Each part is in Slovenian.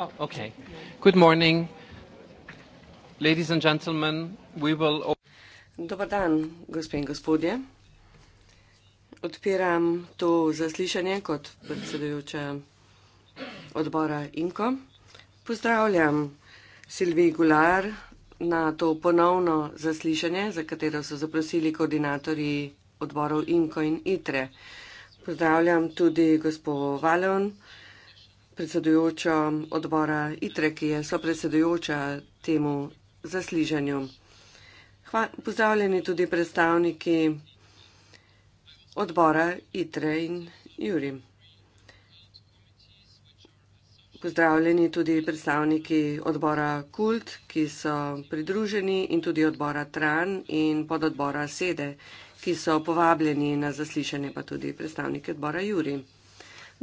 Oh, okay. Good morning, ladies and gentlemen. We will. Dobro dan, gospe in gospodje. Odpiram to zaslišanje kot predsedujoča odbora INKO. Pozdravljam Silvi Gular na to ponovno zaslišanje, za katero so zaprosili koordinatorji odborov INKO in ITRE. Pozdravljam tudi gospod Valon predsedujoča odbora ITRE, ki je so predsedujoča temu zasliženju. Hva, pozdravljeni tudi predstavniki odbora ITRE in Juri. Pozdravljeni tudi predstavniki odbora KULT, ki so pridruženi in tudi odbora TRAN in pododbora SEDE, ki so povabljeni na zaslišanje, pa tudi predstavniki odbora JURI.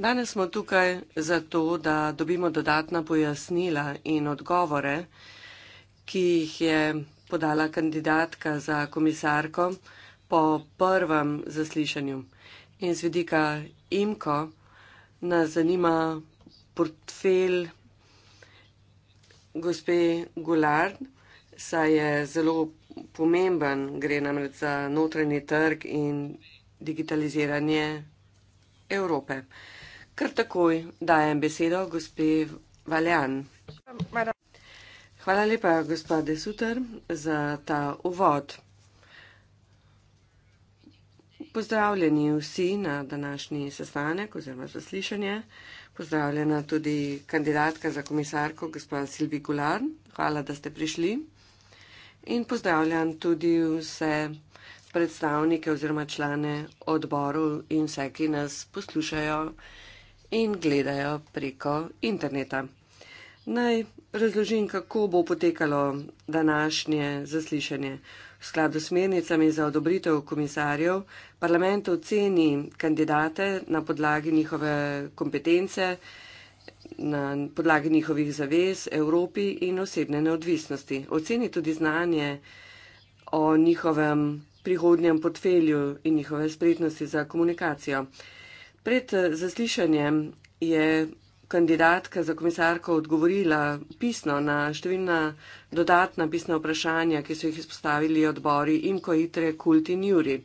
Danes smo tukaj zato, da dobimo dodatna pojasnila in odgovore, ki jih je podala kandidatka za komisarko po prvem zaslišanju. In z vidika IMKO nas zanima portfelj gospe Gular, saj je zelo pomemben, gre namreč za notranji trg in digitaliziranje Evrope. Kar takoj dajem besedo gospe Valjan. Hvala lepa, gospa Desuter, za ta uvod. Pozdravljeni vsi na današnji sestanek oziroma zaslišanje. Pozdravljena tudi kandidatka za komisarko, gospa Silvi Gular. Hvala, da ste prišli. In pozdravljam tudi vse predstavnike oziroma člane odboru in vse, ki nas poslušajo in gledajo preko interneta. Naj razložim, kako bo potekalo današnje zaslišanje. V skladu s mernicami za odobritev komisarjev, parlament oceni kandidate na podlagi njihove kompetence, na podlagi njihovih zavez Evropi in osebne neodvisnosti. Oceni tudi znanje o njihovem prihodnjem portfelju in njihove spretnosti za komunikacijo. Pred eh, zaslišanjem je kandidatka za komisarko odgovorila pisno na številna dodatna pisna vprašanja, ki so jih izpostavili odbori Imko Itre, Kult in Juri.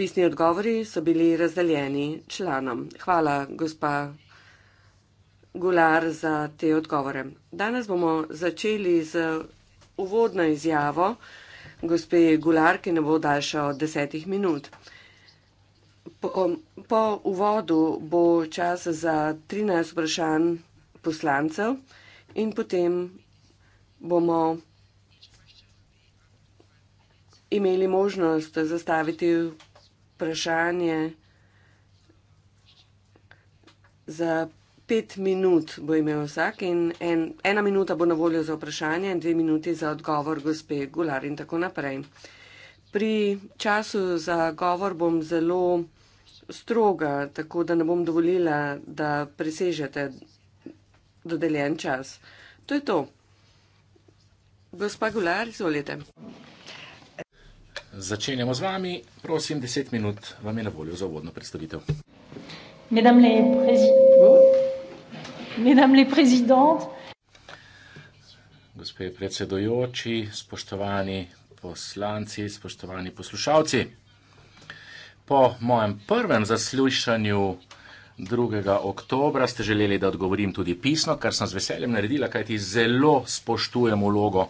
Pisni odgovori so bili razdeljeni članom. Hvala, gospa Gular, za te odgovore. Danes bomo začeli z uvodno izjavo gospe Gular, ki ne bo daljša od desetih minut. Po, um, po uvodu bo čas za 13 vprašanj poslancev in potem bomo imeli možnost zastaviti vprašanje za pet minut bo imel vsak in en, ena minuta bo na voljo za vprašanje in dve minuti za odgovor gospe Gular in tako naprej. Pri času za govor bom zelo stroga, tako da ne bom dovolila, da presežete dodeljen čas. To je to. Gospa Gular, izvolite. Začenjamo z vami. Prosim, deset minut vam je na voljo za uvodno predstavitev. Mesdames les présidentes. Gospe predsedujoči, spoštovani poslanci, spoštovani poslušalci po mojem prvem zaslušanju 2. oktobra ste želeli, da odgovorim tudi pisno, kar sem z veseljem naredila, kajti zelo spoštujem vlogo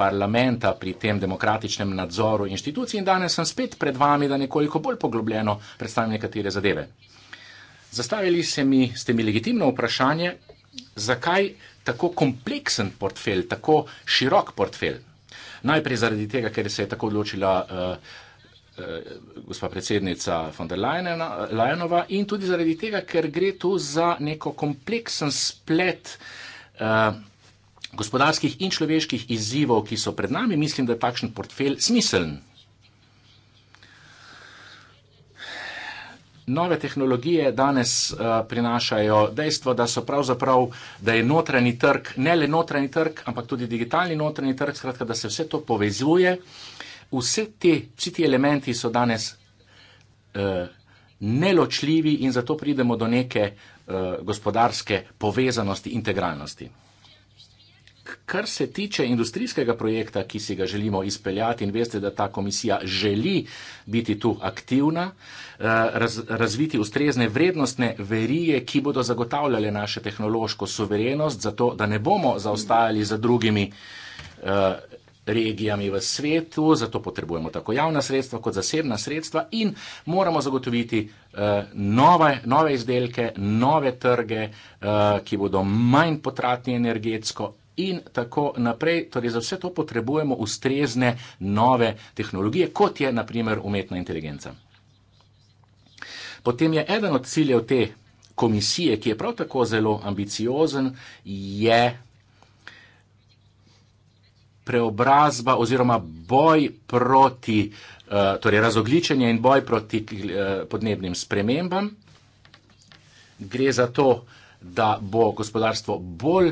parlamenta pri tem demokratičnem nadzoru inštitucij in danes sem spet pred vami, da nekoliko bolj poglobljeno predstavim nekatere zadeve. Zastavili se mi, ste mi legitimno vprašanje, zakaj tako kompleksen portfelj, tako širok portfelj. Najprej zaradi tega, ker se je tako odločila. Uh, Eh, gospa predsednica von der Leyenova in tudi zaradi tega, ker gre tu za neko kompleksen splet eh, gospodarskih in človeških izzivov, ki so pred nami, mislim, da je takšen portfelj smiseln. Nove tehnologije danes uh, prinašajo dejstvo, da so pravzaprav, da je notranji trg, ne le notranji trg, ampak tudi digitalni notranji trg, skratka, da se vse to povezuje. Uh, Vse te, vsi ti elementi so danes uh, neločljivi in zato pridemo do neke uh, gospodarske povezanosti, integralnosti. Kar se tiče industrijskega projekta, ki si ga želimo izpeljati, in veste, da ta komisija želi biti tu aktivna, eh, raz, razviti ustrezne vrednostne verige, ki bodo zagotavljale našo tehnološko suverenost, zato da ne bomo zaostajali za drugimi regijami v svetu, zato potrebujemo tako javna sredstva kot zasebna sredstva in moramo zagotoviti uh, nove, nove izdelke, nove trge, uh, ki bodo manj potratni energetsko. In tako naprej, torej za vse to potrebujemo ustrezne nove tehnologije, kot je naprimer umetna inteligenca. Potem je eden od ciljev te komisije, ki je prav tako zelo ambiciozen, je preobrazba oziroma boj proti, eh, torej razogličenje in boj proti eh, podnebnim spremembam. Gre za to, da bo gospodarstvo bolj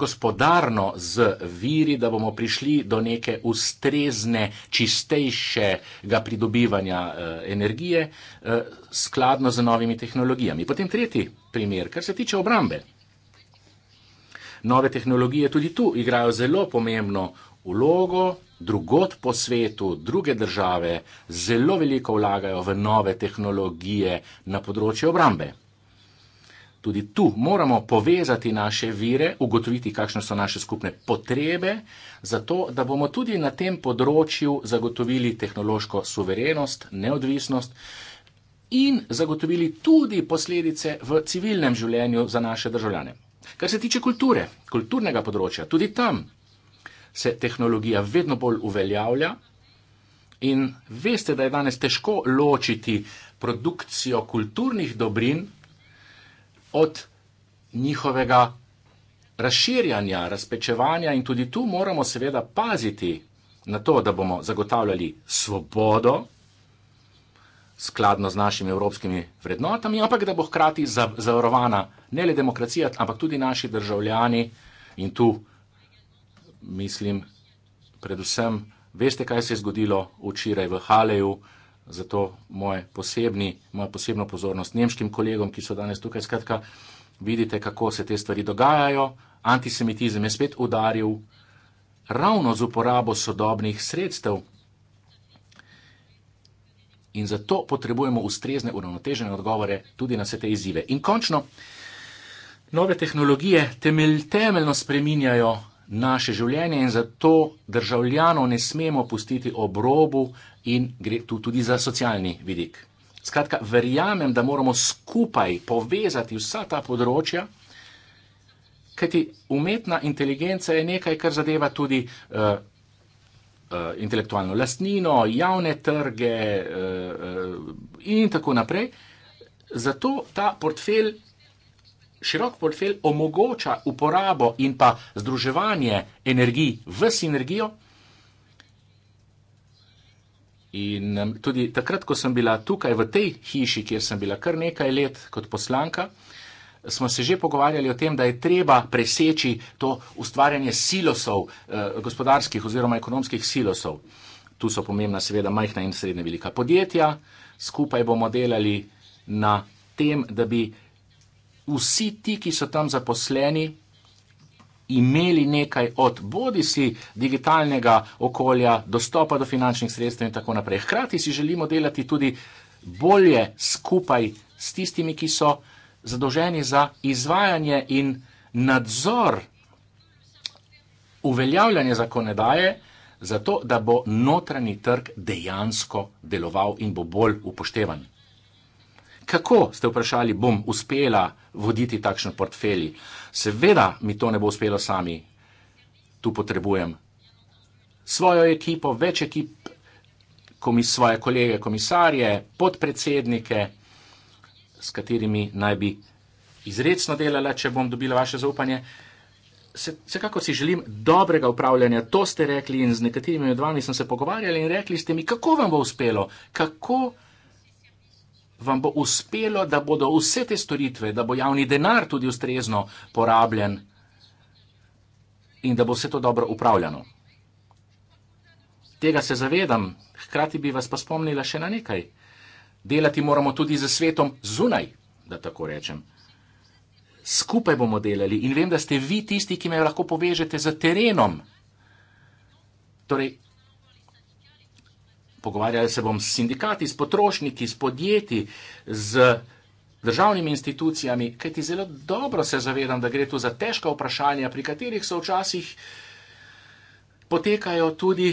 gospodarno z viri, da bomo prišli do neke ustrezne, čistejšega pridobivanja eh, energije skladno z novimi tehnologijami. Potem tretji primer, kar se tiče obrambe. Nove tehnologije tudi tu igrajo zelo pomembno vlogo drugot po svetu, druge države zelo veliko vlagajo v nove tehnologije na področju obrambe. Tudi tu moramo povezati naše vire, ugotoviti, kakšne so naše skupne potrebe, zato da bomo tudi na tem področju zagotovili tehnološko suverenost, neodvisnost in zagotovili tudi posledice v civilnem življenju za naše državljane. Kar se tiče kulture, kulturnega področja, tudi tam se tehnologija vedno bolj uveljavlja. In veste, da je danes težko ločiti produkcijo kulturnih dobrin od njihovega razširjanja, razpečevanja, in tudi tu moramo seveda paziti na to, da bomo zagotavljali svobodo skladno z našimi evropskimi vrednotami, ampak da bo hkrati zavarovana ne le demokracija, ampak tudi naši državljani in tu mislim, predvsem, veste, kaj se je zgodilo včeraj v Haleju, zato moj posebni, moja posebna pozornost nemškim kolegom, ki so danes tukaj. Skratka, vidite, kako se te stvari dogajajo. Antisemitizem je spet udaril ravno z uporabo sodobnih sredstev. In zato potrebujemo ustrezne, uravnotežene odgovore tudi na vse te izzive. In končno, nove tehnologije temelj, temeljno spreminjajo naše življenje in zato državljanov ne smemo pustiti ob robu in gre tu tudi za socialni vidik. Skratka, verjamem, da moramo skupaj povezati vsa ta področja, kajti umetna inteligenca je nekaj, kar zadeva tudi uh, uh, intelektualno lastnino, javne trge uh, uh, in tako naprej. Zato ta portfelj širok portfelj omogoča uporabo in pa združevanje energij v sinergijo. In tudi takrat, ko sem bila tukaj v tej hiši, kjer sem bila kar nekaj let kot poslanka, smo se že pogovarjali o tem, da je treba preseči to ustvarjanje silosov, eh, gospodarskih oziroma ekonomskih silosov. Tu so pomembna seveda majhna in srednja velika podjetja, skupaj bomo delali na tem, da bi vsi ti, ki so tam zaposleni, imeli nekaj od bodi si digitalnega okolja, dostopa do finančnih sredstev in tako naprej. Hkrati si želimo delati tudi bolje skupaj s tistimi, ki so zadolženi za izvajanje in nadzor uveljavljanja zakonodaje, zato da bo notranji trg dejansko deloval in bo bolj upoštevan. Kako ste vprašali, bom uspela voditi takšen portfelj? Seveda mi to ne bo uspelo sami. Tu potrebujem svojo ekipo, več ekip, komis, svoje kolege, komisarje, podpredsednike, s katerimi naj bi izredno delala, če bom dobila vaše zaupanje. Vsekakor si želim dobrega upravljanja, to ste rekli in z nekaterimi od vami sem se pogovarjali in rekli ste mi, kako vam bo uspelo, kako vam bo uspelo, da bodo vse te storitve, da bo javni denar tudi ustrezno porabljen in da bo vse to dobro upravljano. Tega se zavedam, hkrati bi vas pa spomnila še na nekaj. Delati moramo tudi z svetom zunaj, da tako rečem. Skupaj bomo delali in vem, da ste vi tisti, ki me lahko povežete z terenom. Torej, pogovarjal se bom s sindikati, s potrošniki, s podjetji, z državnimi institucijami, kajti zelo dobro se zavedam, da gre tu za težka vprašanja, pri katerih so včasih potekajo tudi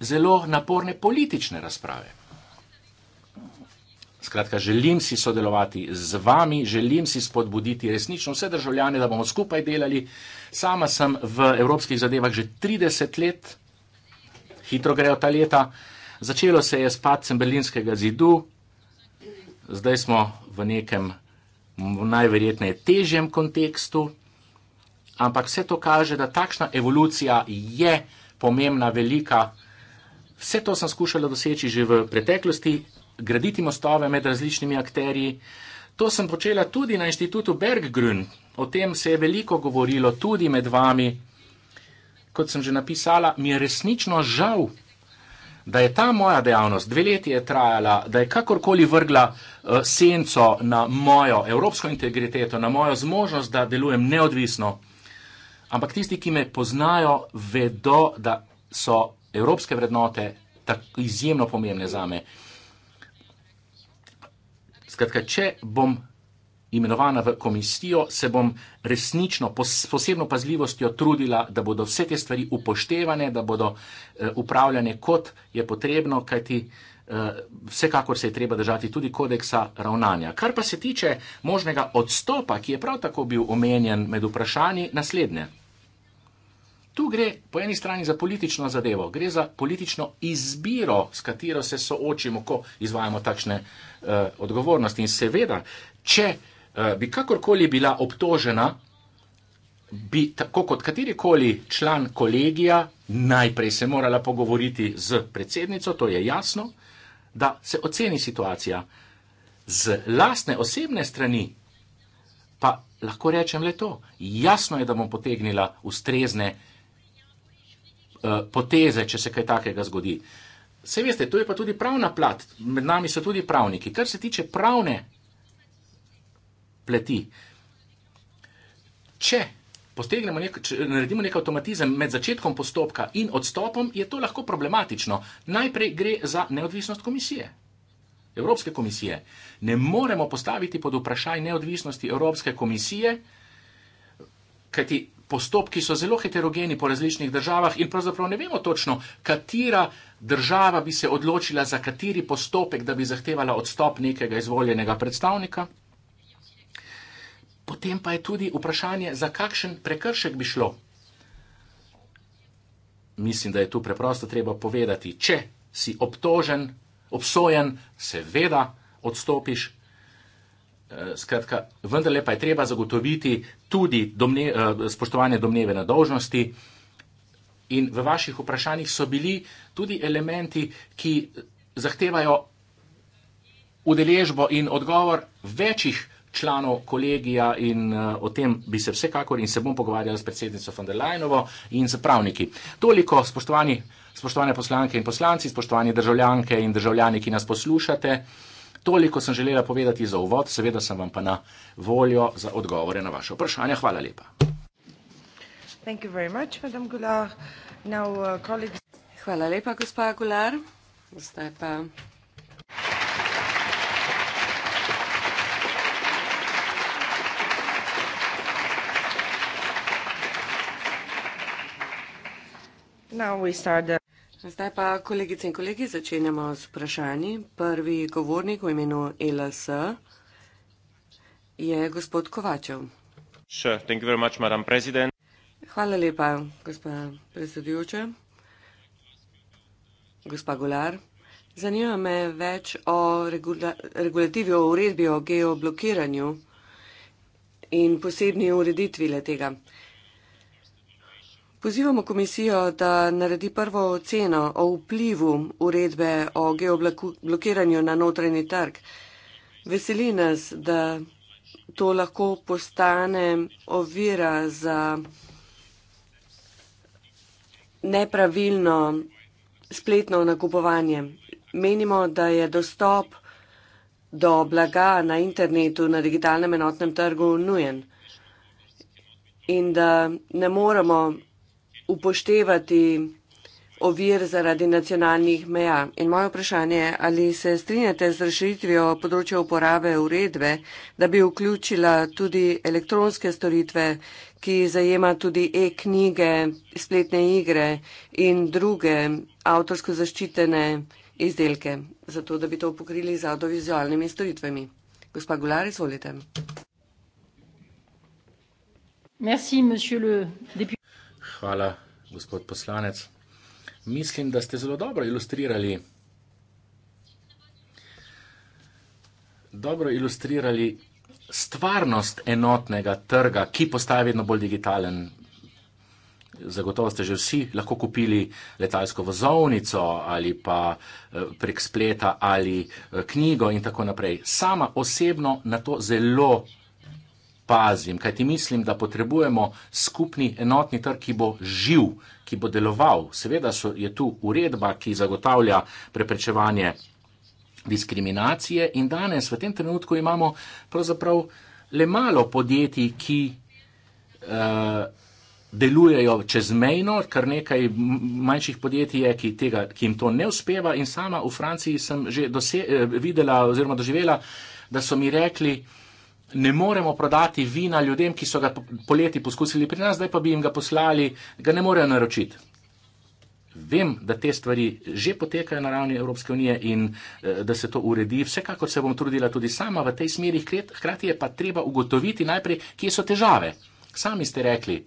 zelo naporne politične razprave. Skratka, želim si sodelovati z vami, želim si spodbuditi resnično vse državljane, da bomo skupaj delali. Sama sem v evropskih zadevah že 30 let, hitro grejo ta leta, uh, Začelo se je s padcem berlinskega zidu, zdaj smo v nekem najverjetneje težjem kontekstu, ampak vse to kaže, da takšna evolucija je pomembna, velika. Vse to sem skušala doseči že v preteklosti, graditi mostove med različnimi akterji. To sem počela tudi na inštitutu Berggrün, o tem se je veliko govorilo tudi med vami. Kot sem že napisala, mi je resnično žal, da je ta moja dejavnost dve leti trajala, da je kakorkoli vrgla uh, senco na mojo evropsko integriteto, na mojo zmožnost, da delujem neodvisno. Ampak tisti, ki me poznajo, vedo, da so evropske vrednote tako izjemno pomembne za me. Skratka, če bom imenovana v komisijo, se bom resnično, s posebno pazljivostjo trudila, da bodo vse te stvari upoštevane, da bodo eh, upravljane kot je potrebno, kajti eh, vsekakor se je treba držati tudi kodeksa ravnanja. Kar pa se tiče možnega odstopa, ki je prav tako bil omenjen med vprašanji, naslednje. Tu gre po eni strani za politično zadevo, gre za politično izbiro, s katero se soočimo, ko izvajamo takšne uh, odgovornosti. In seveda, če uh, Eh, bi kakorkoli bila obtožena, bi tako kot katerikoli član kolegija najprej se morala pogovoriti z predsednico, to je jasno, da se oceni situacija. Z lastne osebne strani pa lahko rečem le to. Jasno je, da bom potegnila ustrezne eh, poteze, če se kaj takega zgodi. Se veste, to je pa tudi pravna plat, med nami so tudi pravniki. Kar se tiče pravne pleti. Če postegnemo nek, če naredimo nek avtomatizem med začetkom postopka in odstopom, je to lahko problematično. Najprej gre za neodvisnost komisije. Evropske komisije. Ne moremo postaviti pod vprašaj neodvisnosti Evropske komisije, kajti postopki so zelo heterogeni po različnih državah in pravzaprav ne vemo točno, katera država bi se odločila za kateri postopek, da bi zahtevala odstop nekega izvoljenega predstavnika potem pa je tudi vprašanje, za kakšen prekršek bi šlo. Mislim, da je tu preprosto treba povedati, če si obtožen, obsojen, seveda odstopiš. Eh, skratka, vendarle pa je treba zagotoviti tudi domne, eh, spoštovanje domneve na dolžnosti. In v vaših vprašanjih so bili tudi elementi, ki zahtevajo udeležbo in odgovor večjih članov kolegija in uh, o tem bi se vsekakor in se bom pogovarjal s predsednico von der Leinovo in z pravniki. Toliko, spoštovani, spoštovane poslanke in poslanci, spoštovani državljanke in državljani, ki nas poslušate. Toliko sem želela povedati za uvod, seveda sem vam pa na voljo za odgovore na vaše vprašanje. Hvala lepa. Much, Now, uh, colleagues... Hvala lepa, gospa Gular. Zdaj pa Zdaj pa, kolegice in kolegi, začenjamo z vprašanji. Prvi govornik v imenu e LS je gospod Kovačev. Sure. Hvala lepa, gospa predsedujoča. Gospa Gular, zanima me več o regula regulativi, o uredbi o geoblokiranju in posebni ureditvi le tega. Pozivamo komisijo, da naredi prvo oceno o vplivu uredbe o geoblokiranju na notranji trg. Veseli nas, da to lahko postane ovira za nepravilno spletno nakupovanje. Menimo, da je dostop do blaga na internetu na digitalnem enotnem trgu nujen in da ne moremo upoštevati ovir zaradi nacionalnih meja. In moje vprašanje je, ali se strinjate z rešitvijo področja uporabe uredbe, da bi vključila tudi elektronske storitve, ki zajema tudi e-knjige, spletne igre in druge avtorsko zaščitene izdelke, zato da bi to pokrili z audiovizualnimi storitvami. Gospa Gular, izvolite. Merci, Hvala, gospod poslanec. Mislim, da ste zelo dobro ilustrirali, dobro ilustrirali stvarnost enotnega trga, ki postaje vedno bolj digitalen. Zagotovo ste že vsi lahko kupili letalsko vozovnico ali pa eh, prek spleta ali eh, knjigo in tako naprej. Sama osebno na to zelo pazim, kajti mislim, da potrebujemo skupni enotni trg, ki bo živ, ki bo deloval. Seveda so, je tu uredba, ki zagotavlja preprečevanje diskriminacije in danes v tem trenutku imamo pravzaprav le malo podjetij, ki uh, delujejo čezmejno, kar nekaj manjših podjetij je, ki, tega, ki jim to ne uspeva in sama v Franciji sem že dose, eh, videla oziroma doživela, da so mi rekli, ne moremo prodati vina ljudem, ki so ga poleti poskusili pri nas, zdaj pa bi jim ga poslali, ga ne morejo naročiti. Vem, da te stvari že potekajo na ravni Evropske unije in eh, da se to uredi. Vsekakor se bom trudila tudi sama v tej smeri, hkrati je pa treba ugotoviti najprej, kje so težave. Sami ste rekli,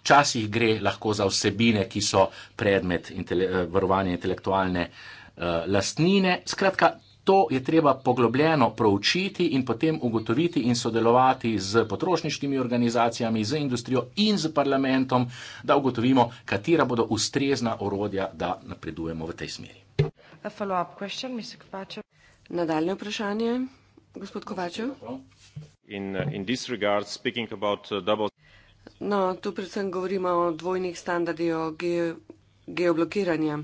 včasih gre lahko za vsebine, ki so predmet intele eh, varovanja intelektualne uh, lastnine. Skratka, To je treba poglobljeno proučiti in potem ugotoviti in sodelovati z potrošniškimi organizacijami, z industrijo in z parlamentom, da ugotovimo, katera bodo ustrezna orodja, da napredujemo v tej smeri. Nadaljne vprašanje, gospod Kovačev. In, uh, in regard, uh, double... No, tu predvsem govorimo o dvojnih standardih, o ge geoblokiranju.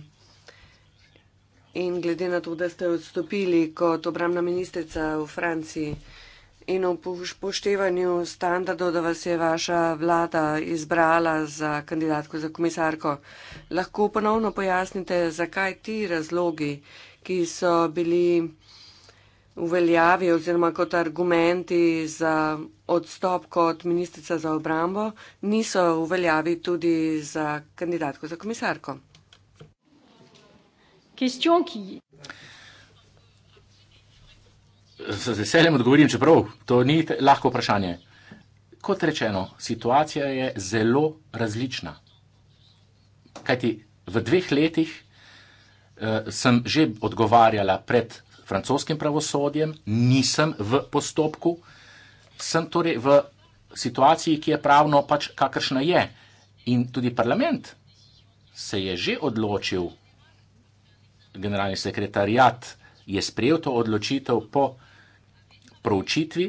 In glede na to, da ste odstopili kot obramna ministrica v Franciji in v poštevanju standardov, da vas je vaša vlada izbrala za kandidatko za komisarko, lahko ponovno pojasnite, zakaj ti razlogi, ki so bili uveljavi oziroma kot argumenti za odstop kot ministrica za obrambo, niso uveljavi tudi za kandidatko za komisarko question qui. Z veseljem odgovorim, čeprav to ni lahko vprašanje. Kot rečeno, situacija je zelo različna. Kajti v dveh letih eh, sem že odgovarjala pred francoskim pravosodjem, nisem v postopku, sem torej v situaciji, ki je pravno pač kakršna je. In tudi parlament se je že odločil generalni sekretarjat je sprejel to odločitev po proučitvi.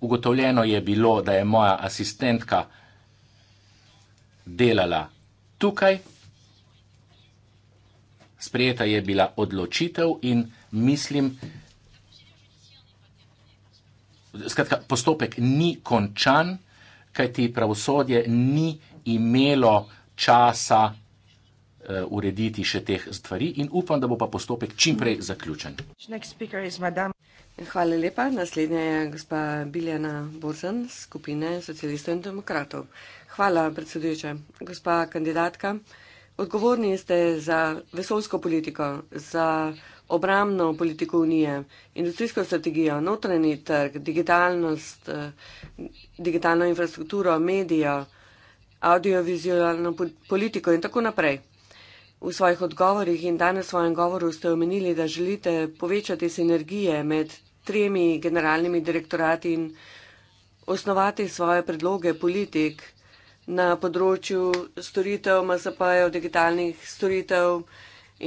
Ugotovljeno je bilo, da je moja asistentka delala tukaj, sprejeta je bila odločitev in mislim, skratka, postopek ni končan, kajti pravosodje ni imelo časa uh, urediti še teh stvari in upam, da bo pa postopek čimprej zaključen. Hvala lepa. Naslednja je gospa Biljana Borzan, skupine socialistov in demokratov. Hvala, predsedujoče. Gospa kandidatka, odgovorni ste za vesolsko politiko, za obramno politiko unije, industrijsko strategijo, notranji trg, digitalnost, eh, digitalno infrastrukturo, medijo, audiovizualno politiko in tako naprej. V svojih odgovorih in danes v svojem govoru ste omenili, da želite povečati sinergije med tremi generalnimi direktorati in osnovati svoje predloge politik na področju storitev MSP-jev, digitalnih storitev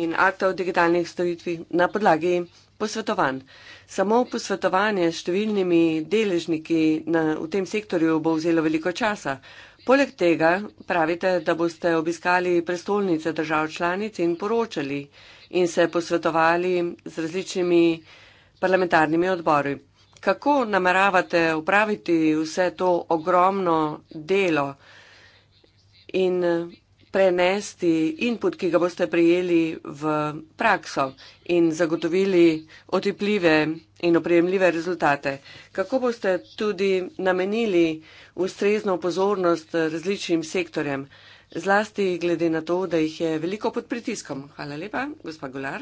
in aktov digitalnih storitvi na podlagi posvetovanj. Samo posvetovanje s številnimi deležniki na, v tem sektorju bo vzelo veliko časa. Poleg tega pravite, da boste obiskali prestolnice držav članic in poročali in se posvetovali z različnimi parlamentarnimi odbori. Kako nameravate upraviti vse to ogromno delo in prenesti input, ki ga boste prijeli v prakso in zagotovili otipljive in oprijemljive rezultate. Kako boste tudi namenili ustrezno pozornost različnim sektorjem, zlasti glede na to, da jih je veliko pod pritiskom? Hvala lepa, gospa Gular.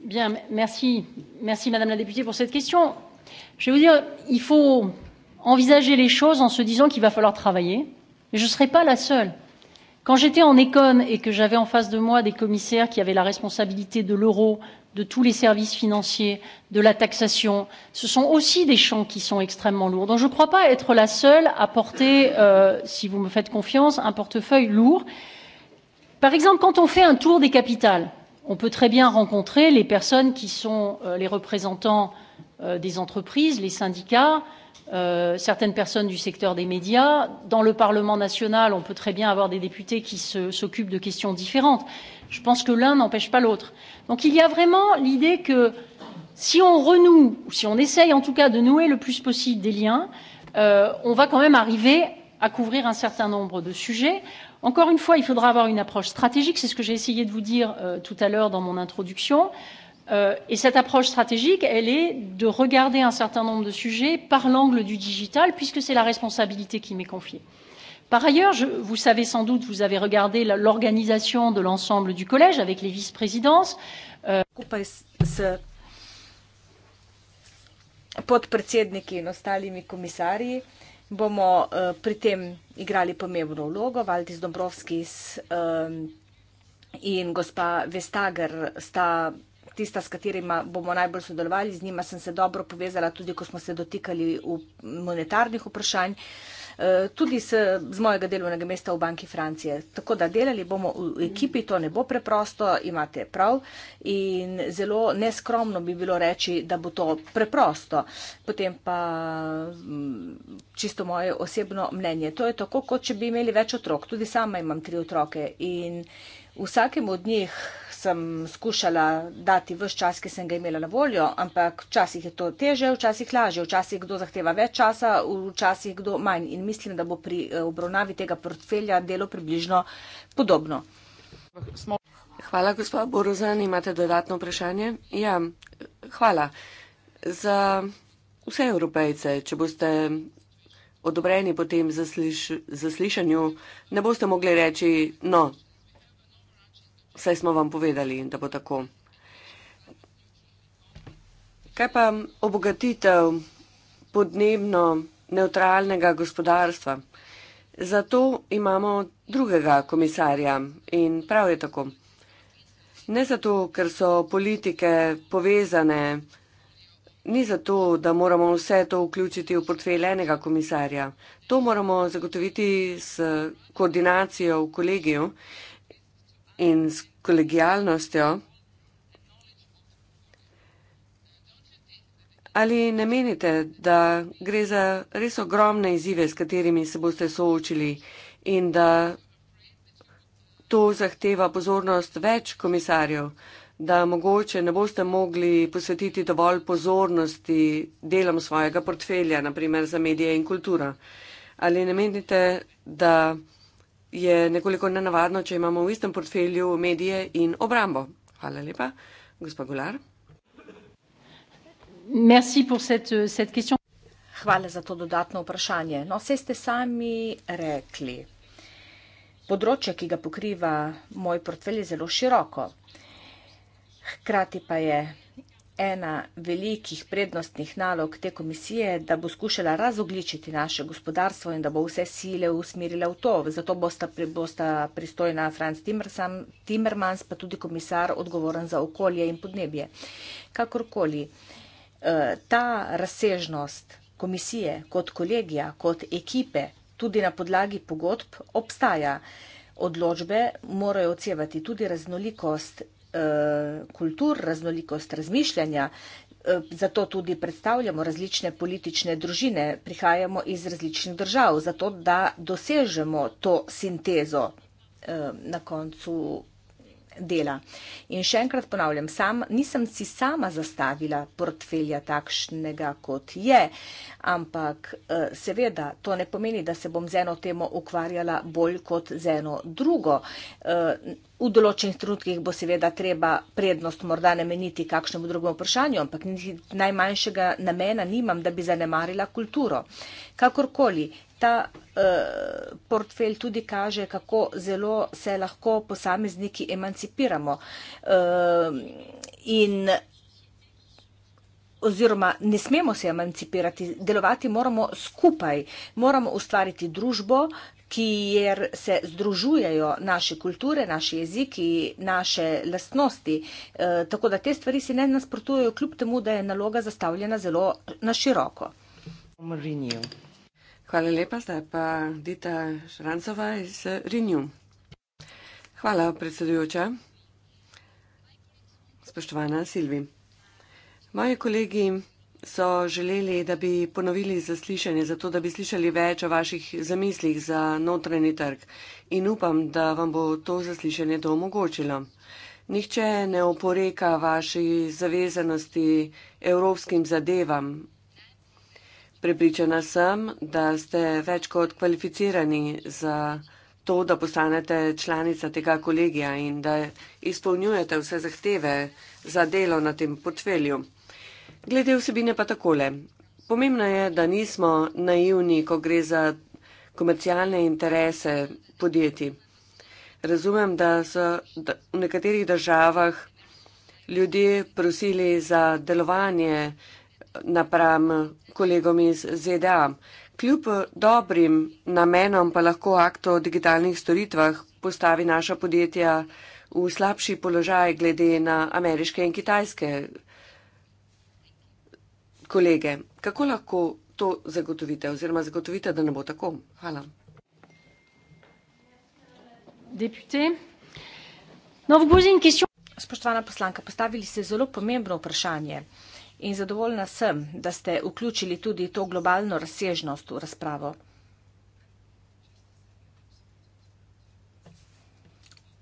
Bien, merci. Merci, madame la députée, pour cette question. Je vais vous dire, il faut envisager les choses en se disant qu'il va falloir travailler. Et je ne serai pas la seule. Quand j'étais en école et que j'avais en face de moi des commissaires qui avaient la responsabilité de l'euro, de tous les services financiers, de la taxation, ce sont aussi des champs qui sont extrêmement lourds. Donc je ne crois pas être la seule à porter, euh, si vous me faites confiance, un portefeuille lourd. Par exemple, quand on fait un tour des capitales, on peut très bien rencontrer les personnes qui sont euh, les représentants euh, des entreprises, les syndicats, Euh, certaines personnes du secteur des médias. Dans le Parlement national, on peut très bien avoir des députés qui s'occupent de questions différentes. Je pense que l'un n'empêche pas l'autre. Donc il y a vraiment l'idée que si on renoue, ou si on essaye en tout cas de nouer le plus possible des liens, euh, on va quand même arriver à couvrir un certain nombre de sujets. Encore une fois, il faudra avoir une approche stratégique, c'est ce que j'ai essayé de vous dire euh, tout à l'heure dans mon introduction. Euh, Euh, et cette approche stratégique, elle est de regarder un certain nombre de sujets par l'angle du digital, puisque c'est la responsabilité qui m'est confiée. Par ailleurs, je, vous savez sans doute, vous avez regardé l'organisation de l'ensemble du collège avec les vice-présidences. Euh podpredsedniki in ostalimi komisarji bomo uh, pri tem igrali pomembno vlogo. Valdis Dombrovskis uh, in gospa Vestager sta tista, s katerima bomo najbolj sodelovali. Z njima sem se dobro povezala, tudi ko smo se dotikali monetarnih vprašanj, eh, tudi s, z mojega delovnega mesta v Banki Francije. Tako da delali bomo v ekipi, to ne bo preprosto, imate prav. In zelo neskromno bi bilo reči, da bo to preprosto. Potem pa mm, čisto moje osebno mnenje. To je tako, kot če bi imeli več otrok. Tudi sama imam tri otroke. In vsakemu od njih sem skušala dati vse čas, ki sem ga imela na voljo, ampak včasih je to teže, včasih lažje, včasih kdo zahteva več časa, včasih kdo manj. In mislim, da bo pri eh, obravnavi tega portfelja delo približno podobno. Hvala, gospod Borozan, imate dodatno vprašanje? Ja, hvala. Za vse evropejce, če boste odobreni potem zasliš zaslišanju, ne boste mogli reči, no, Vse smo vam povedali, da bo tako. Kaj pa obogatitev podnebno neutralnega gospodarstva? Zato imamo drugega komisarja in prav je tako. Ne zato, ker so politike povezane, ni zato, da moramo vse to vključiti v portfelj enega komisarja. To moramo zagotoviti s koordinacijo v kolegiju in s kolegijalnostjo. Ali ne menite, da gre za res ogromne izzive, s katerimi se boste soočili in da to zahteva pozornost več komisarjev, da mogoče ne boste mogli posvetiti dovolj pozornosti delom svojega portfelja, naprimer za medije in kultura? Ali ne menite, da je nekoliko nenavadno, če imamo v istem portfelju medije in obrambo. Hvala lepa, gospod Gular. Hvala za to dodatno vprašanje. No, vse ste sami rekli. Področje, ki ga pokriva moj portfelj, je zelo široko. Hkrati pa je ena velikih prednostnih nalog te komisije, da bo skušala razogličiti naše gospodarstvo in da bo vse sile usmirila v to. Zato bosta, bosta pristojna Franz Timmermans, pa tudi komisar odgovoren za okolje in podnebje. Kakorkoli, eh, ta razsežnost komisije kot kolegija, kot ekipe, tudi na podlagi pogodb, obstaja. Odločbe morajo ocevati tudi raznolikost Eh, kultur, raznolikost razmišljanja. Eh, zato tudi predstavljamo različne politične družine, prihajamo iz različnih držav, zato da dosežemo to sintezo eh, na koncu dela. In še enkrat ponavljam, sam, nisem si sama zastavila portfelja takšnega, kot je, ampak e, seveda to ne pomeni, da se bom z eno temo ukvarjala bolj kot z eno drugo. E, v določenih trenutkih bo seveda treba prednost morda nameniti kakšnemu drugemu vprašanju, ampak najmanjšega namena nimam, da bi zanemarila kulturo. Kakorkoli, ta uh, portfelj tudi kaže, kako zelo se lahko posamezniki emancipiramo. Uh, in oziroma ne smemo se emancipirati, delovati moramo skupaj, moramo ustvariti družbo, kjer se združujejo naše kulture, naši jeziki, naše lastnosti. E, tako da te stvari si ne nasprotujejo, kljub temu, da je naloga zastavljena zelo na široko. Marinijo. Hvala lepa, zdaj pa Dita Šrancova iz Renew. Hvala, predsedujoča. Spoštovana Silvi. Moji kolegi so želeli, da bi ponovili zaslišanje, zato da bi slišali več o vaših zamislih za notranji trg in upam, da vam bo to zaslišanje to omogočilo. Nihče ne oporeka vaši zavezanosti evropskim zadevam, Prepričana sem, da ste več kot kvalificirani za to, da postanete članica tega kolegija in da izpolnjujete vse zahteve za delo na tem portfelju. Glede vsebine pa takole. Pomembno je, da nismo naivni, ko gre za komercialne interese podjetij. Razumem, da so v nekaterih državah ljudje prosili za delovanje napram kolegom iz ZDA. Kljub dobrim namenom pa lahko akt o digitalnih storitvah postavi naša podjetja v slabši položaj glede na ameriške in kitajske kolege. Kako lahko to zagotovite oziroma zagotovite, da ne bo tako? Hvala. Deputi. No, Spoštovana poslanka, postavili ste zelo pomembno vprašanje in zadovoljna sem, da ste vključili tudi to globalno razsežnost v razpravo.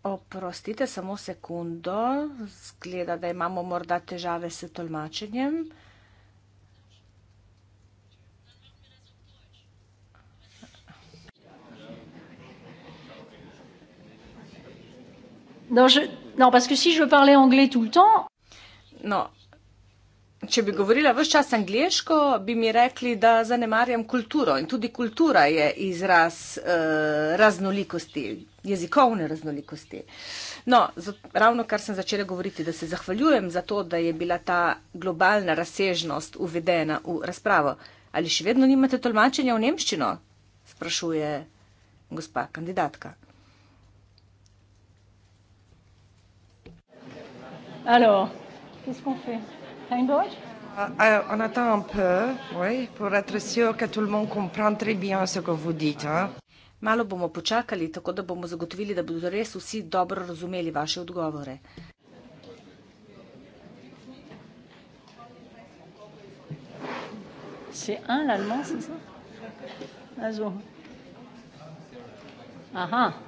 Oprostite, samo sekundo, zgleda, da imamo morda težave s tolmačenjem. No, je, no, parce que si je parlais anglais tout le temps. No, Če bi govorila vse čas angliško, bi mi rekli, da zanemarjam kulturo in tudi kultura je izraz uh, raznolikosti, jezikovne raznolikosti. No, ravno kar sem začela govoriti, da se zahvaljujem za to, da je bila ta globalna razsežnost uvedena v razpravo. Ali še vedno nimate tolmačenja v nemščino? Sprašuje gospa kandidatka. Alo, kaj smo fe? Cambridge. Ah, euh, on attend un peu, oui, pour être sûr que tout le monde comprend très bien ce que vous dites. Hein. Malo bomo počakali, tako da bomo zagotovili, da bodo res vsi dobro razumeli vaše odgovore. Si en allemand, c'est ça? Azur. Aha.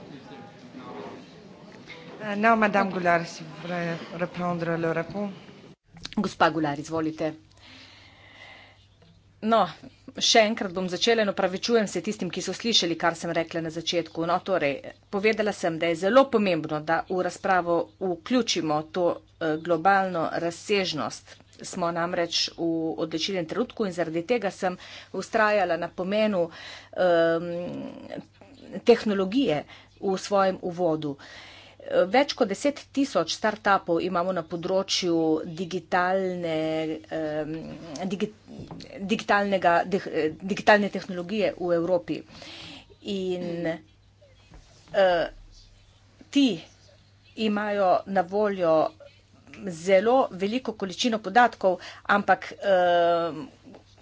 No, madame Goulard, si vorrei rispondere alla rapporto. Gospa Goulard, izvolite. No, še enkrat bom začela in opravičujem se tistim, ki so slišali, kar sem rekla na začetku. No, torej, povedala sem, da je zelo pomembno, da v razpravo vključimo to eh, globalno razsežnost. Smo namreč v odločilnem trenutku in zaradi tega sem ustrajala na pomenu um, tehnologije v svojem uvodu. Uh, Več kot deset tisoč startupov imamo na področju digitalne, digitalne, digitalne tehnologije v Evropi. In e, ti imajo na voljo zelo veliko količino podatkov, ampak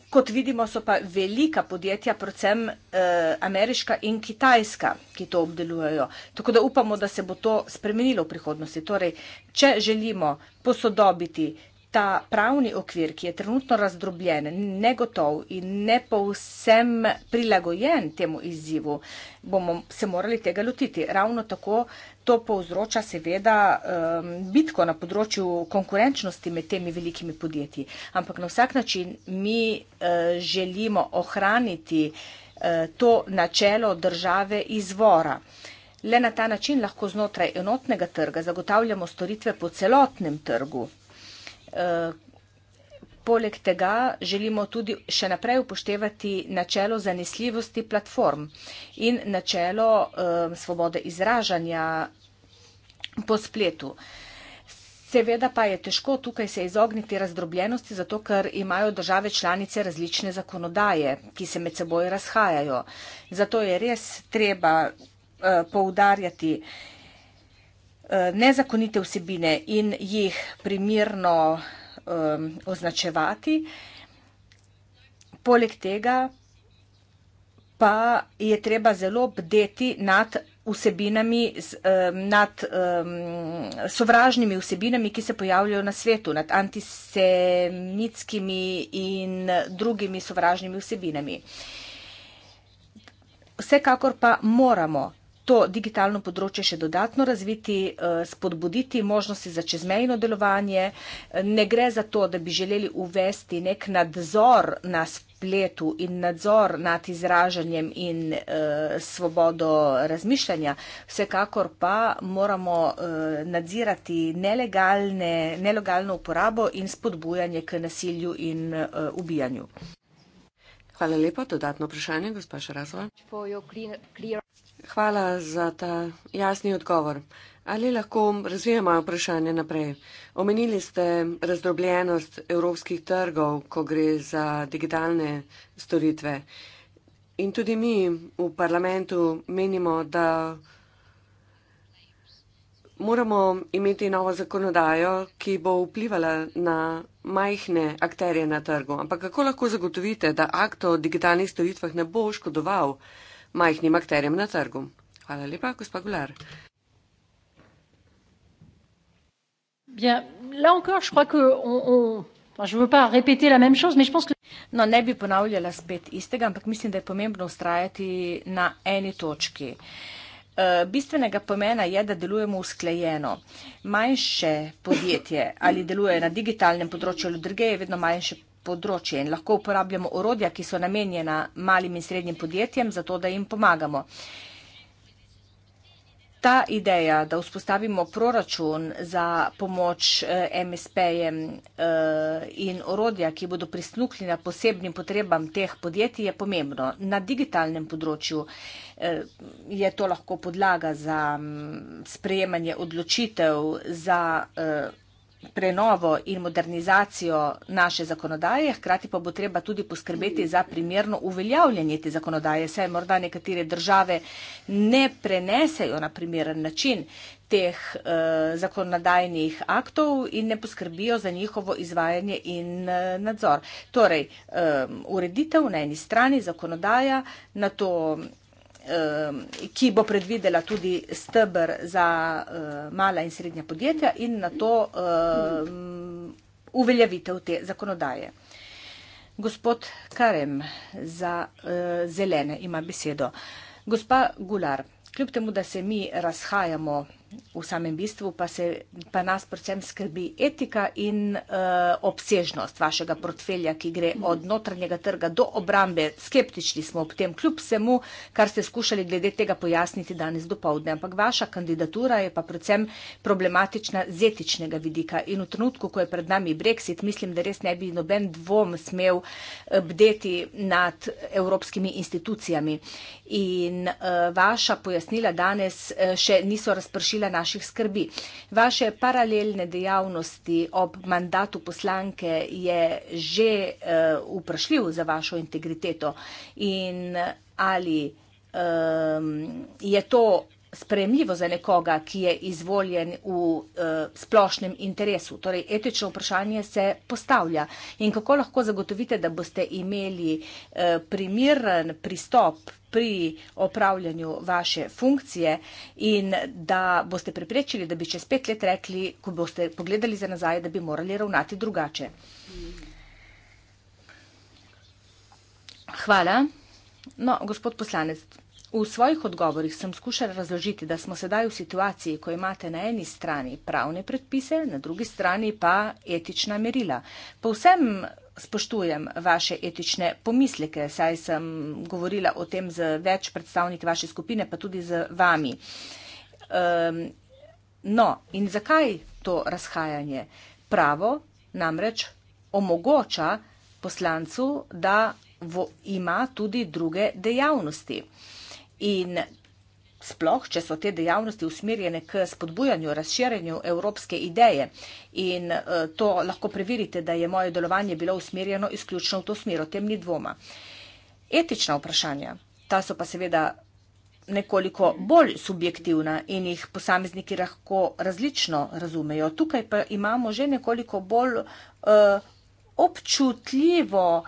Kot vidimo, so pa velika podjetja, predvsem eh, ameriška in kitajska, ki to obdelujejo. Tako da upamo, da se bo to spremenilo v prihodnosti. Torej, če želimo posodobiti ta pravni okvir, ki je trenutno razdrobljen, negotov in ne povsem prilagojen temu izzivu, bomo se morali tega lotiti. Ravno tako to povzroča seveda um, bitko na področju konkurenčnosti med temi velikimi podjetji. Ampak na vsak način mi uh, želimo ohraniti uh, to načelo države izvora. Le na ta način lahko znotraj enotnega trga zagotavljamo storitve po celotnem trgu. Eh, poleg tega želimo tudi še naprej upoštevati načelo zanesljivosti platform in načelo eh, svobode izražanja po spletu. Seveda pa je težko tukaj se izogniti razdrobljenosti, zato ker imajo države članice različne zakonodaje, ki se med seboj razhajajo. Zato je res treba eh, poudarjati, da Eh, nezakonite vsebine in jih primirno um, označevati. Poleg tega pa je treba zelo bdeti nad vsebinami, nad um, sovražnimi vsebinami, ki se pojavljajo na svetu, nad antisemitskimi in drugimi sovražnimi vsebinami. Vsekakor pa moramo to digitalno področje še dodatno razviti, eh, spodbuditi možnosti za čezmejno delovanje. Eh, ne gre za to, da bi želeli uvesti nek nadzor na spletu in nadzor nad izražanjem in eh, svobodo razmišljanja. Vsekakor pa moramo nadzirati nelegalno uporabo in spodbujanje k nasilju in ubijanju. Hvala lepa. Dodatno vprašanje, gospa Šarazova. Hvala za ta jasni odgovor. Ali lahko razvijamo vprašanje naprej? Omenili ste razdrobljenost evropskih trgov, ko gre za digitalne storitve. In tudi mi v parlamentu menimo, da moramo imeti novo zakonodajo, ki bo vplivala na majhne akterje na trgu. Ampak kako lahko zagotovite, da akt o digitalnih storitvah ne bo škodoval? majhnim akterjem na trgu. Hvala lepa, gospa Gular. Bien, là encore, je crois que on, on... Enfin, je veux pas répéter la même chose, mais je pense que No, ne bi ponavljala spet istega, ampak mislim, da je pomembno ustrajati na eni točki. Eh, bistvenega pomena je, da delujemo usklajeno. Manjše podjetje ali deluje na digitalnem področju ali druge, je vedno manjše področje in lahko uporabljamo orodja, ki so namenjena malim in srednjim podjetjem, zato da jim pomagamo. Ta ideja, da vzpostavimo proračun za pomoč eh, MSP-jem eh, in orodja, ki bodo prisnukli na posebnim potrebam teh podjetij, je pomembno. Na digitalnem področju eh, je to lahko podlaga za mm, sprejemanje odločitev za odločitev prenovo in modernizacijo naše zakonodaje, hkrati pa bo treba tudi poskrbeti za primerno uveljavljanje te zakonodaje. Saj morda nekatere države ne prenesejo na primeren način teh eh, zakonodajnih aktov in ne poskrbijo za njihovo izvajanje in eh, nadzor. Torej, eh, ureditev na eni strani, zakonodaja, na to Um, ki bo predvidela tudi stebr za uh, mala in srednja podjetja in na to um, uveljavitev te zakonodaje. Gospod Karem za uh, zelene ima besedo. Gospa Gular, kljub temu, da se mi razhajamo v samem bistvu pa, se, pa nas predvsem skrbi etika in uh, obsežnost vašega portfelja, ki gre od notranjega trga do obrambe. Skeptični smo ob tem, kljub vsemu, kar ste skušali glede tega pojasniti danes do povdne. Ampak vaša kandidatura je pa predvsem problematična z etičnega vidika. In v trenutku, ko je pred nami Brexit, mislim, da res ne bi noben dvom smel eh, bdeti nad evropskimi institucijami. In uh, vaša pojasnila danes uh, še niso razpršila plačila naših skrbi. Vaše paralelne dejavnosti ob mandatu poslanke je že uh, vprašljiv za vašo integriteto in eh, ali um, je to sprejemljivo za nekoga, ki je izvoljen v uh, splošnem interesu. Torej, etično vprašanje se postavlja. In kako lahko zagotovite, da boste imeli uh, eh, primiren pristop pri opravljanju vaše funkcije in da boste preprečili, da bi čez pet let rekli, ko boste pogledali za nazaj, da bi morali ravnati drugače. Hvala. No, gospod poslanec. V svojih odgovorih sem skušala razložiti, da smo sedaj v situaciji, ko imate na eni strani pravne predpise, na drugi strani pa etična merila. Povsem spoštujem vaše etične pomisleke, saj sem govorila o tem z več predstavniki vaše skupine, pa tudi z vami. Um, no, in zakaj to razhajanje? Pravo namreč omogoča poslancu, da vo, ima tudi druge dejavnosti in sploh, če so te dejavnosti usmerjene k spodbujanju, razširjanju evropske ideje. In eh, to lahko preverite, da je moje delovanje bilo usmerjeno izključno v to smer, o tem ni dvoma. Etična vprašanja, ta so pa seveda nekoliko bolj subjektivna in jih posamezniki lahko različno razumejo. Tukaj pa imamo že nekoliko bolj uh, občutljivo uh,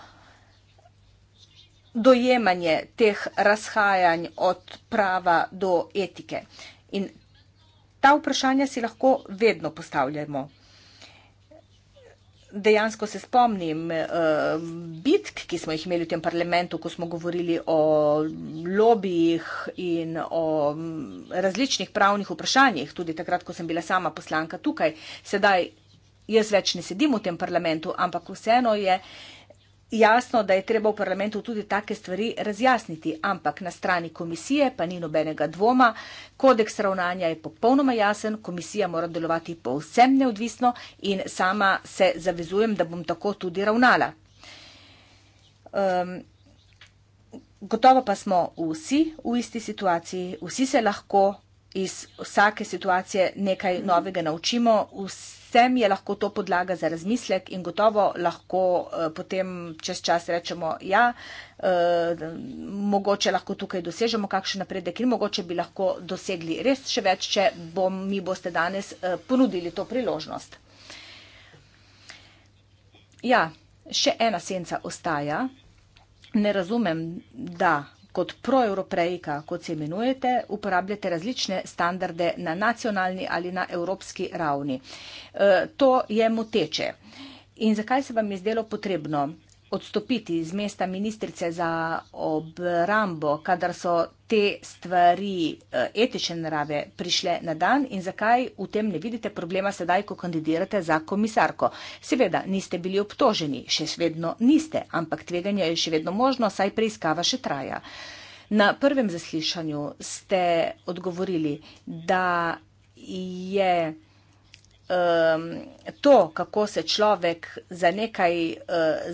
dojemanje teh razhajanj od prava do etike. In ta vprašanja si lahko vedno postavljamo. Dejansko se spomnim eh, bitk, ki smo jih imeli v tem parlamentu, ko smo govorili o lobijih in o mm, različnih pravnih vprašanjih, tudi takrat, ko sem bila sama poslanka tukaj. Sedaj jaz več ne sedim v tem parlamentu, ampak vseeno je. Jasno, da je treba v parlamentu tudi take stvari razjasniti, ampak na strani komisije pa ni nobenega dvoma. Kodeks ravnanja je popolnoma jasen, komisija mora delovati povsem neodvisno in sama se zavezujem, da bom tako tudi ravnala. Um, gotovo pa smo vsi v isti situaciji, vsi se lahko iz vsake situacije nekaj novega naučimo. Vsi sem je lahko to podlaga za razmislek in gotovo lahko eh, potem čez čas rečemo, ja, eh, mogoče lahko tukaj dosežemo kakšen napredek in mogoče bi lahko dosegli res še več, če bom, mi boste danes eh, ponudili to priložnost. Ja, še ena senca ostaja. Ne razumem, da kot proevropejka, kot se imenujete, uporabljate različne standarde na nacionalni ali na evropski ravni. E, to je moteče. In zakaj se vam je zdelo potrebno odstopiti z mesta ministrice za obrambo, kadar so te stvari eh, etične narave prišle na dan in zakaj v tem ne vidite problema sedaj, ko kandidirate za komisarko. Seveda niste bili obtoženi, še vedno niste, ampak tveganje je še vedno možno, saj preiskava še traja. Na prvem zaslišanju ste odgovorili, da je um, to, kako se človek za nekaj uh,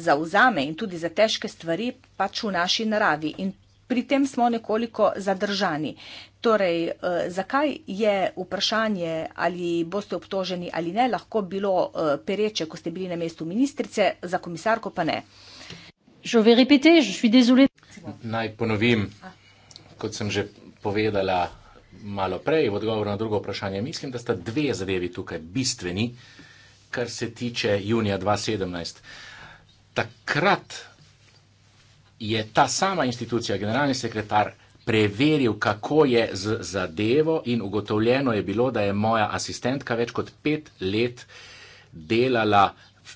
zauzame in tudi za težke stvari, pač v naši naravi. In pri tem smo nekoliko zadržani. Torej, uh, zakaj je vprašanje, ali boste obtoženi ali ne, lahko bilo uh, pereče, ko ste bili na mestu ministrice, za komisarko pa ne? Naj ponovim, ah. kot sem že povedala, malo prej v odgovoru na drugo vprašanje. Mislim, da sta dve zadevi tukaj bistveni, kar se tiče junija 2017. Takrat je ta sama institucija, generalni sekretar, preveril, kako je z zadevo in ugotovljeno je bilo, da je moja asistentka več kot pet let delala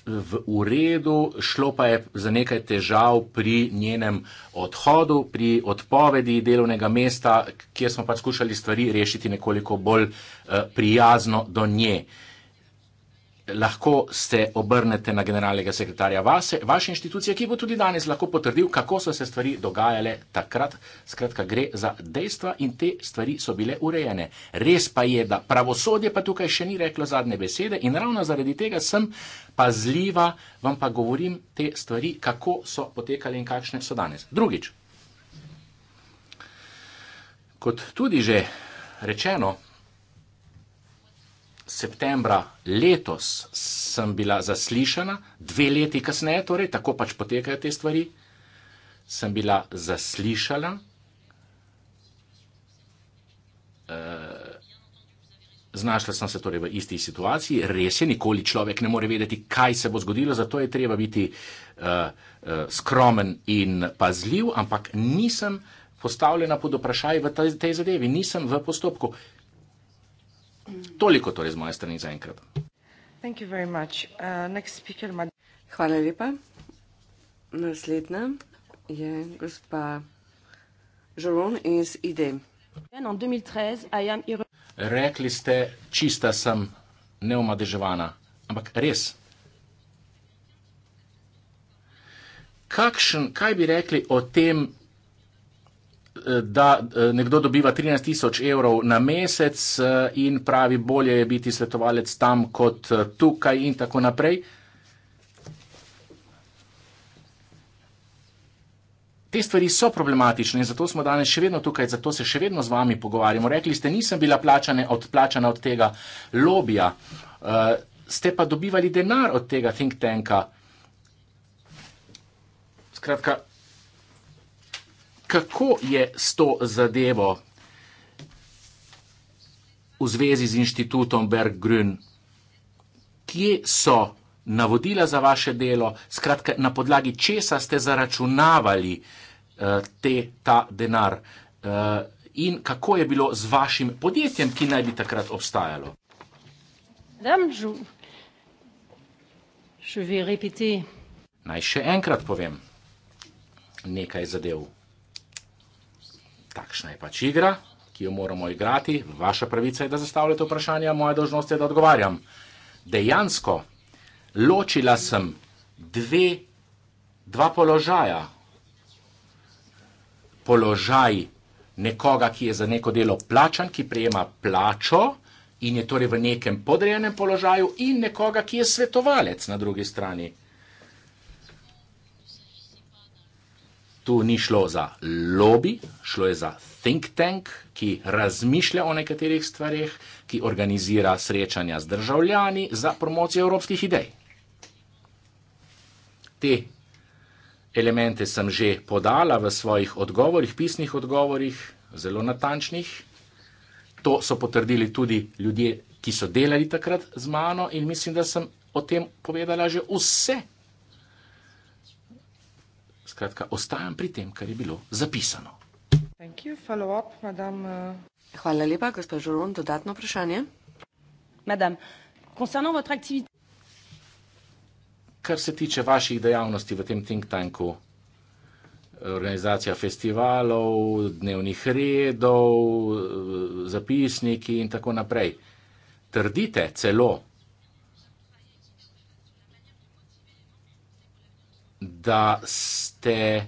v uredu, šlo pa je za nekaj težav pri njenem odhodu, pri odpovedi delovnega mesta, kjer smo pač skušali stvari rešiti nekoliko bolj eh, prijazno do nje lahko se obrnete na generalnega sekretarja vase, vaše inštitucije, ki bo tudi danes lahko potrdil, kako so se stvari dogajale takrat. Skratka, gre za dejstva in te stvari so bile urejene. Res pa je, da pravosodje pa tukaj še ni reklo zadnje besede in ravno zaradi tega sem pazljiva, vam pa govorim te stvari, kako so potekale in kakšne so danes. Drugič, kot tudi že rečeno, septembra letos sem bila zaslišana, dve leti kasneje, torej tako pač potekajo te stvari, sem bila zaslišana. Eh, znašla sem se torej v isti situaciji, res je, nikoli človek ne more vedeti, kaj se bo zgodilo, zato je treba biti eh, eh, skromen in pazljiv, ampak nisem postavljena pod vprašaj v tej zadevi, nisem v postopku. Toliko torej z moje strani za enkrat. Uh, speaker, my... Hvala lepa. Naslednja je gospa Žeron iz ID. Rekli ste, čista sem neomadeževana, ampak res. Kakšen, kaj bi rekli o tem Eh, da eh, nekdo dobiva 13 tisoč evrov na mesec eh, in pravi, bolje je biti svetovalec tam kot tukaj in tako naprej. Te stvari so problematične in zato smo danes še vedno tukaj, zato se še vedno z vami pogovarjamo. Rekli ste, nisem bila plačane, odplačana od tega lobija, uh, ste pa dobivali denar od tega think tanka. Skratka, kako je s to zadevo v zvezi z inštitutom Berggrün? Kje so navodila za vaše delo? Skratka, na podlagi česa ste zaračunavali eh, te, ta denar eh, in kako je bilo z vašim podjetjem, ki naj bi takrat obstajalo? Naj še enkrat povem nekaj zadev takšna je pač igra, ki jo moramo igrati, vaša pravica je, da zastavljate vprašanja, moja dožnost je, da odgovarjam. Dejansko ločila sem dve, dva položaja. Položaj nekoga, ki je za neko delo plačan, ki prejema plačo in je torej v nekem podrejenem položaju, in nekoga, ki je svetovalec na drugi strani. tu ni šlo za lobby, šlo je za think tank, ki razmišlja o nekaterih stvarih, ki organizira srečanja z državljani za promocijo evropskih idej. Te elemente sem že podala v svojih odgovorih, pisnih odgovorih, zelo natančnih. To so potrdili tudi ljudje, ki so delali takrat z mano in mislim, da sem o tem povedala že vse, Skratka, ostajam pri tem, kar je bilo zapisano. You, up, madam, uh... Hvala lepa, gospod Žuron, dodatno vprašanje. Madam, aktivit... Kar se tiče vaših dejavnosti v tem think tanku, organizacija festivalov, dnevnih redov, zapisniki in tako naprej, trdite celo, da ste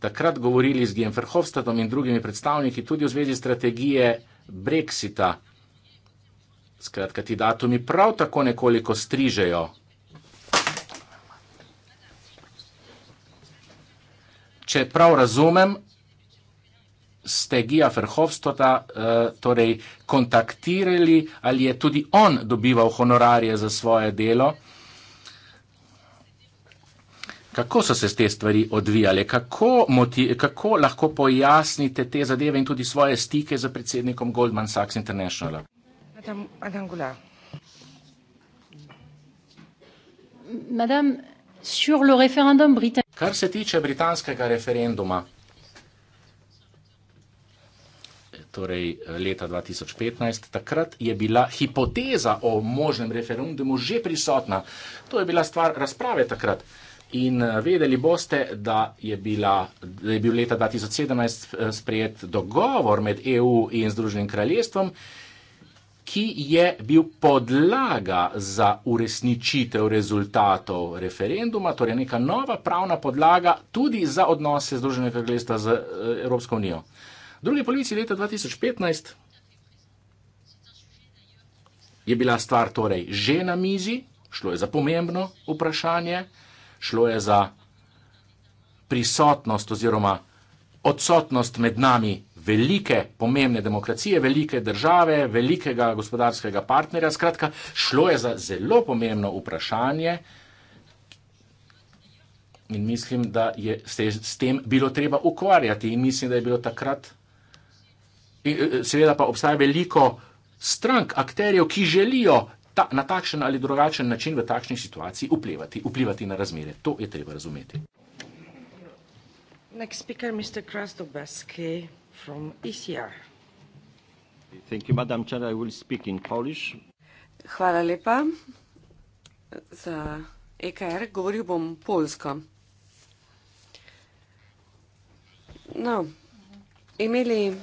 takrat govorili z Gijem Verhofstadom in drugimi predstavniki tudi v zvezi strategije Brexita. Skratka, ti datumi prav tako nekoliko strižejo. Če prav razumem, ste Gija Verhofstota eh, torej kontaktirali ali je tudi on dobival honorarje za svoje delo. Kako so se te stvari odvijale, kako, motiv, kako lahko pojasnite te zadeve in tudi svoje stike z predsednikom Goldman Sachs International? Kar se tiče britanskega referenduma, torej leta 2015, takrat je bila hipoteza o možnem referendumu že prisotna. To je bila stvar razprave takrat. In eh, vedeli boste, da je, bila, da je bil leta 2017 eh, sprejet dogovor med EU in Združenim kraljestvom, ki je bil podlaga za uresničitev rezultatov referenduma, torej neka nova pravna podlaga tudi za odnose Združenega kraljestva z eh, Evropsko unijo. Drugi polovici leta 2015 je bila stvar torej že na mizi, šlo je za pomembno vprašanje šlo je za prisotnost oziroma odsotnost med nami velike, pomembne demokracije, velike države, velikega gospodarskega partnerja. Skratka, šlo je za zelo pomembno vprašanje in mislim, da je se s tem bilo treba ukvarjati in mislim, da je bilo takrat. Eh, seveda pa obstaja veliko strank, akterjev, ki želijo ta, na takšen ali drugačen način v takšni situaciji vplivati, vplivati na razmere. To je treba razumeti. Next speaker, Mr. Krasdobeski from ECR. Thank you, Madam Chair. I will speak in Polish. Hvala lepa za EKR. Govoril bom polsko. No, imeli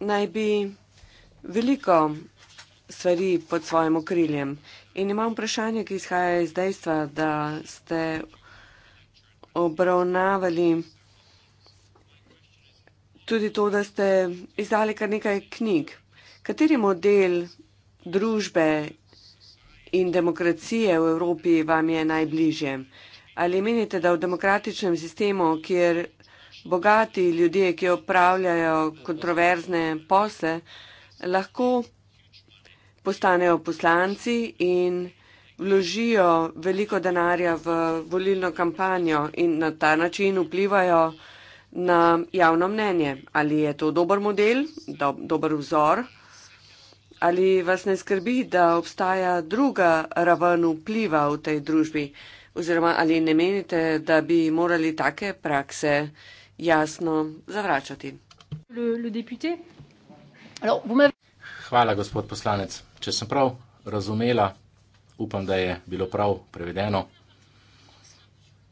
naj bi veliko stvari pod svojim okriljem. In imam vprašanje, ki izhaja iz dejstva, da ste obravnavali tudi to, da ste izdali kar nekaj knjig. Kateri model družbe in demokracije v Evropi vam je najbližje? Ali menite, da v demokratičnem sistemu, kjer bogati ljudje, ki opravljajo kontroverzne posle, lahko postanejo poslanci in vložijo veliko denarja v volilno kampanjo in na ta način vplivajo na javno mnenje. Ali je to dober model, do, dober vzor? Ali vas ne skrbi, da obstaja druga raven vpliva v tej družbi? Oziroma, ali ne menite, da bi morali take prakse jasno zavračati? Hvala, gospod poslanec. Če sem prav razumela, upam, da je bilo prav prevedeno.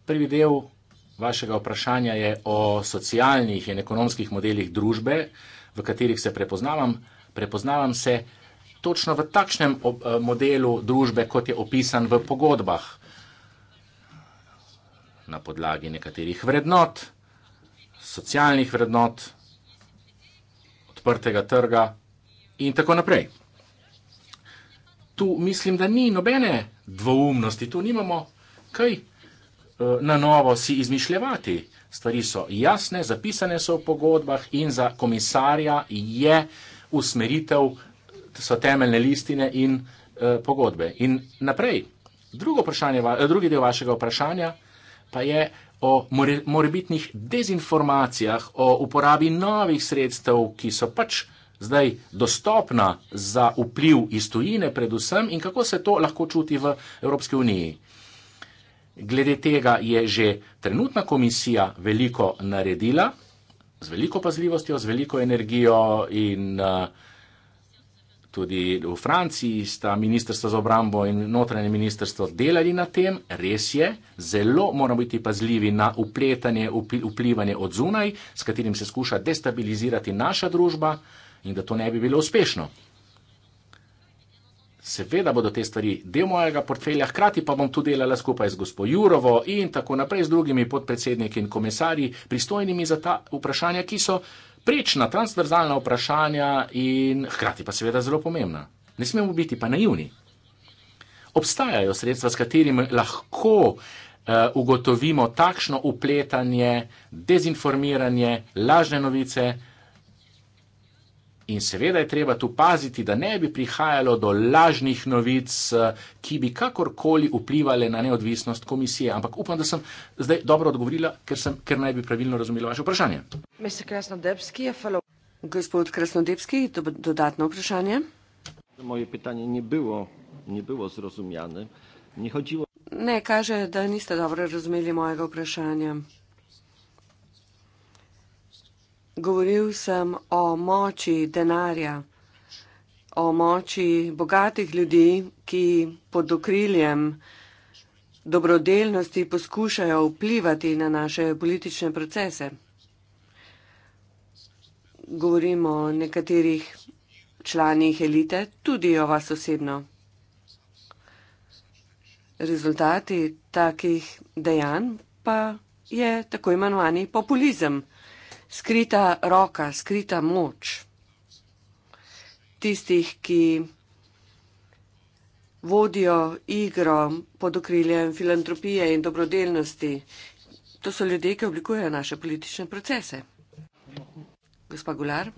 Prvi del vašega vprašanja je o socialnih in ekonomskih modelih družbe, v katerih se prepoznavam. Prepoznavam se točno v takšnem eh, modelu družbe, kot je opisan v pogodbah. Na podlagi nekaterih vrednot, socialnih vrednot, odprtega trga in tako naprej tu mislim, da ni nobene dvoumnosti, tu nimamo kaj eh, na novo si izmišljati. Stvari so jasne, zapisane so v pogodbah in za komisarja je usmeritev, so temeljne listine in eh, pogodbe. In naprej, drugi del vašega vprašanja pa je o morebitnih dezinformacijah, o uporabi novih sredstev, ki so pač eh, zdaj dostopna za vpliv iz tujine predvsem in kako se to lahko čuti v Evropski uniji. Glede tega je že trenutna komisija veliko naredila, z veliko pazljivostjo, z veliko energijo in eh, tudi v Franciji sta ministrstvo za obrambo in notranje ministrstvo delali na tem, res je, zelo moramo biti pazljivi na upletanje, upl vplivanje od zunaj, s katerim se skuša destabilizirati naša družba in da to ne bi bilo uspešno. Seveda bodo te stvari del mojega portfelja, hkrati pa bom tudi delala skupaj z gospo Jurovo in tako naprej z drugimi podpredsedniki in komisarji, pristojnimi za ta vprašanja, ki so prečna, transverzalna vprašanja in hkrati pa seveda zelo pomembna. Ne smemo biti pa naivni. Obstajajo sredstva, s katerimi lahko uh, ugotovimo takšno upletanje, dezinformiranje, lažne novice, uh, In seveda je treba tu paziti, da ne bi prihajalo do lažnih novic, eh, ki bi kakorkoli vplivali na neodvisnost komisije. Ampak upam, da sem zdaj dobro odgovorila, ker, sem, ker naj bi pravilno razumela vaše vprašanje. Gospod Krasnodebski, to bo dodatno vprašanje. Moje vprašanje ni bilo, ni bilo zrozumljeno. Ne, kaže, da niste dobro razumeli mojega vprašanja. Govoril sem o moči denarja, o moči bogatih ljudi, ki pod okriljem dobrodelnosti poskušajo vplivati na naše politične procese. Govorimo o nekaterih članih elite, tudi o vas osebno. Rezultati takih dejanj pa je tako imenovani populizem skrita roka, skrita moč tistih, ki vodijo igro pod okriljem filantropije in dobrodelnosti. To so ljudje, ki oblikujejo naše politične procese. Gospa Gular.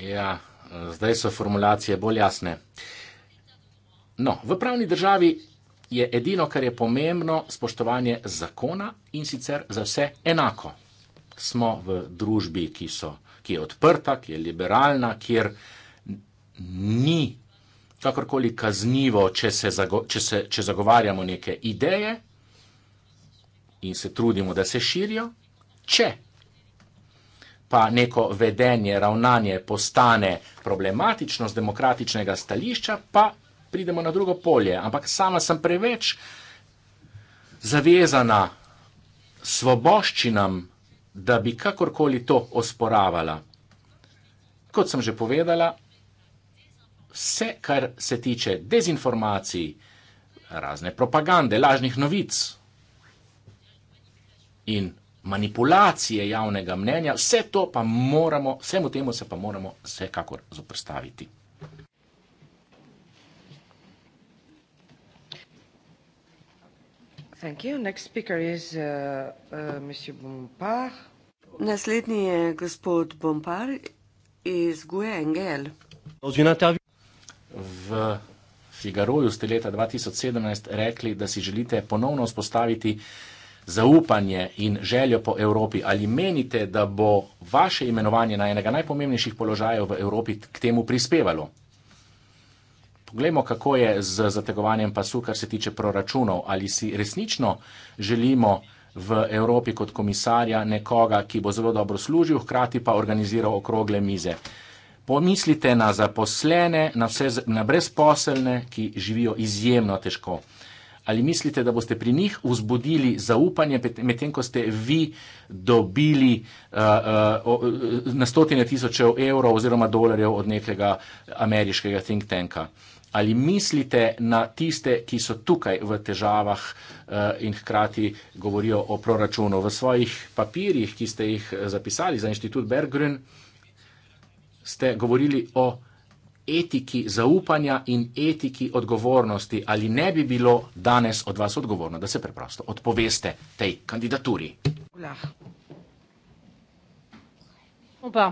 Ja, zdaj so formulacije bolj jasne. No, v pravni državi je edino, kar je pomembno, spoštovanje zakona in sicer za vse enako. Smo v družbi, ki, so, ki je odprta, ki je liberalna, kjer ni kakorkoli kaznivo, če, se zago, če, se, če zagovarjamo neke ideje in se trudimo, da se širijo, če pa neko vedenje, ravnanje postane problematično z demokratičnega stališča, pa pridemo na drugo polje. Ampak sama sem preveč zavezana svoboščinam, da bi kakorkoli to osporavala. Kot sem že povedala, vse, kar se tiče dezinformacij, razne propagande, lažnih novic in manipulacije javnega mnenja, vse to pa moramo, vsemu temu se pa moramo vsekakor zoprstaviti. Thank you. Next speaker is uh, uh, Monsieur Bompard. Naslednji je gospod Bompard iz Gue Engel. V Figaroju ste leta 2017 rekli, da si želite ponovno vzpostaviti zaupanje in željo po Evropi. Ali menite, da bo vaše imenovanje na enega najpomembnejših položajev v Evropi k temu prispevalo? Poglejmo, kako je z zategovanjem pasu, kar se tiče proračunov. Ali si resnično želimo v Evropi kot komisarja nekoga, ki bo zelo dobro služil, hkrati pa organiziral okrogle mize? Pomislite na zaposlene, na, vse, na brezposelne, ki živijo izjemno težko. Ali mislite, da boste pri njih vzbudili zaupanje, medtem ko ste vi dobili uh, uh, na stotine tisočev evrov oziroma dolarjev od nekega ameriškega think tanka? ali mislite na tiste, ki so tukaj v težavah eh, in hkrati govorijo o proračunu. V svojih papirjih, ki ste jih eh, zapisali za inštitut Berggrün, ste govorili o etiki zaupanja in etiki odgovornosti. Ali ne bi bilo danes od vas odgovorno, da se preprosto odpoveste tej kandidaturi? Opa.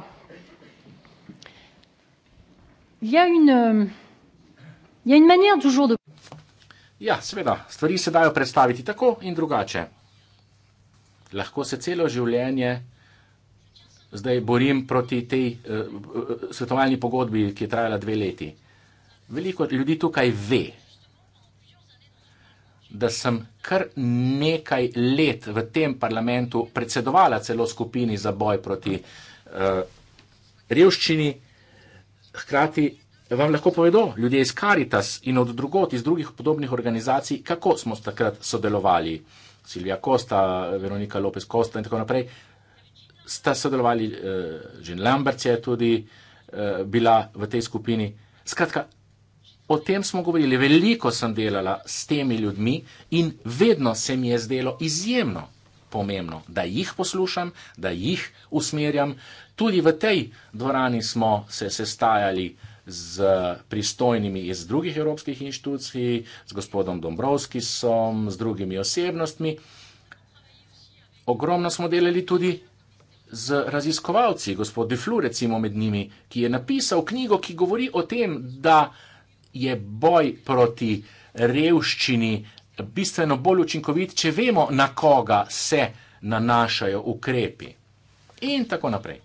Il y a une, je in meni je toujours de. Ja, seveda, stvari se dajo predstaviti tako in drugače. Lahko se celo življenje zdaj borim proti tej uh, svetovalni pogodbi, ki je trajala dve leti. Veliko ljudi tukaj ve, da sem kar nekaj let v tem parlamentu predsedovala celo skupini za boj proti uh, revščini, hkrati vam lahko povedo ljudje iz Karitas in od drugot, iz drugih podobnih organizacij, kako smo takrat sodelovali. Silvija Kosta, Veronika Lopez Kosta in tako naprej. Sta sodelovali, že eh, Lambert je tudi eh, bila v tej skupini. Skratka, o tem smo govorili. Veliko sem delala s temi ljudmi in vedno se mi je zdelo izjemno pomembno, da jih poslušam, da jih usmerjam. Tudi v tej dvorani smo se sestajali z pristojnimi iz drugih evropskih inštitucij, z gospodom Dombrovskisom, z drugimi osebnostmi. Ogromno smo delali tudi z raziskovalci, gospod Deflu recimo med njimi, ki je napisal knjigo, ki govori o tem, da je boj proti revščini bistveno bolj učinkovit, če vemo, na koga se nanašajo ukrepi. In tako naprej.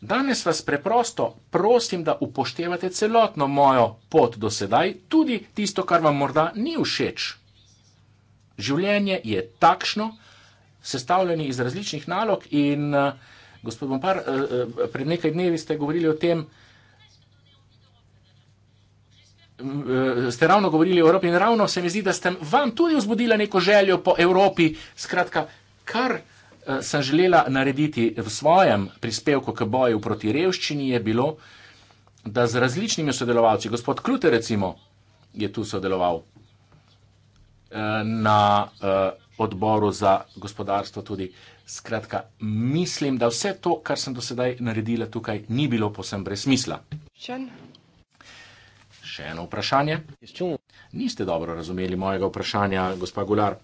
Danes vas preprosto prosim, da upoštevate celotno mojo pot do sedaj, tudi tisto, kar vam morda ni všeč. Življenje je takšno, sestavljeno iz različnih nalog in, eh, gospod Bompar, eh, eh, pred nekaj dnevi ste govorili o tem, ste ravno govorili o Evropi in ravno se mi zdi, da ste vam tudi vzbudila neko željo po Evropi, skratka, kar. Eh, sem želela narediti v svojem prispevku k boju proti revščini, je bilo, da z različnimi sodelovalci, gospod Klute recimo, je tu sodeloval eh, na eh, odboru za gospodarstvo tudi. Skratka, mislim, da vse to, kar sem do sedaj naredila tukaj, ni bilo posem brez smisla. Še eno vprašanje. Niste dobro razumeli mojega vprašanja, gospa Gular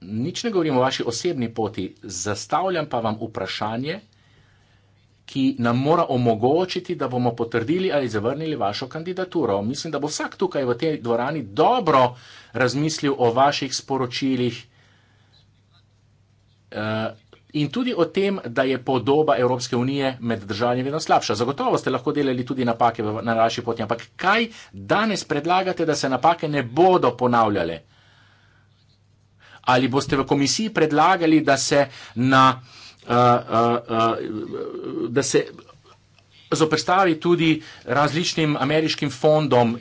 nič ne govorim o vaši osebni poti, zastavljam pa vam vprašanje, ki nam mora omogočiti, da bomo potrdili ali zavrnili vašo kandidaturo. Mislim, da bo vsak tukaj v tej dvorani dobro razmislil o vaših sporočilih. Eh, in tudi o tem, da je podoba Evropske unije med državami vedno slabša. Zagotovo ste lahko delali tudi napake na naši poti, ampak kaj danes predlagate, da se napake ne bodo ponavljale? Uh, ali boste v komisiji predlagali, da se na. Uh, uh, uh, da se zoprstavi tudi različnim ameriškim fondom uh,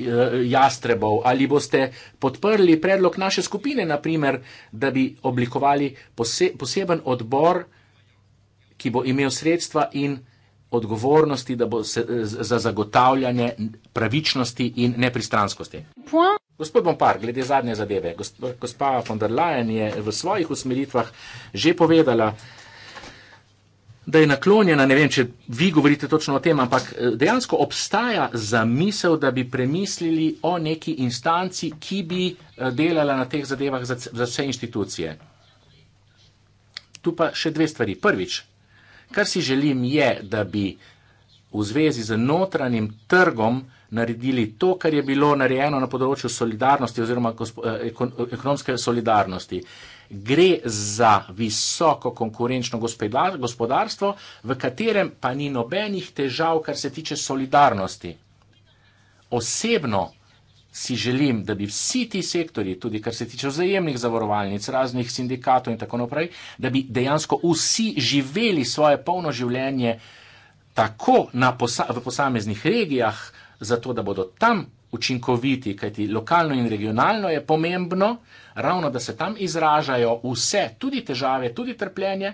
jastrebov, ali boste podprli predlog naše skupine, naprimer, da bi oblikovali pose poseben odbor, ki bo imel sredstva in odgovornosti za zagotavljanje pravičnosti in nepristranskosti. Point. Gospod Bompar, glede zadnje zadeve, gospa von der Leyen je v svojih usmeritvah že povedala, da je naklonjena, ne vem, če vi govorite točno o tem, ampak eh, dejansko obstaja zamisel, da bi premislili o neki instanci, ki bi eh, delala na teh zadevah za vse inštitucije. Tu pa še dve stvari. Prvič, kar si želim je, da bi v zvezi z notranjim trgom, naredili to, kar je bilo narejeno na področju solidarnosti oziroma eh, eh, ekonomske solidarnosti. Gre za visoko konkurenčno gospodarstvo, v katerem pa ni nobenih težav, kar se tiče solidarnosti. Osebno si želim, da bi vsi ti sektori, tudi kar se tiče vzajemnih zavarovalnic, raznih sindikatov in tako naprej, da bi dejansko vsi živeli svoje polno življenje tako posa v posameznih regijah, zato da bodo tam učinkoviti, kajti lokalno in regionalno je pomembno, ravno da se tam izražajo vse, tudi težave, tudi trpljenje,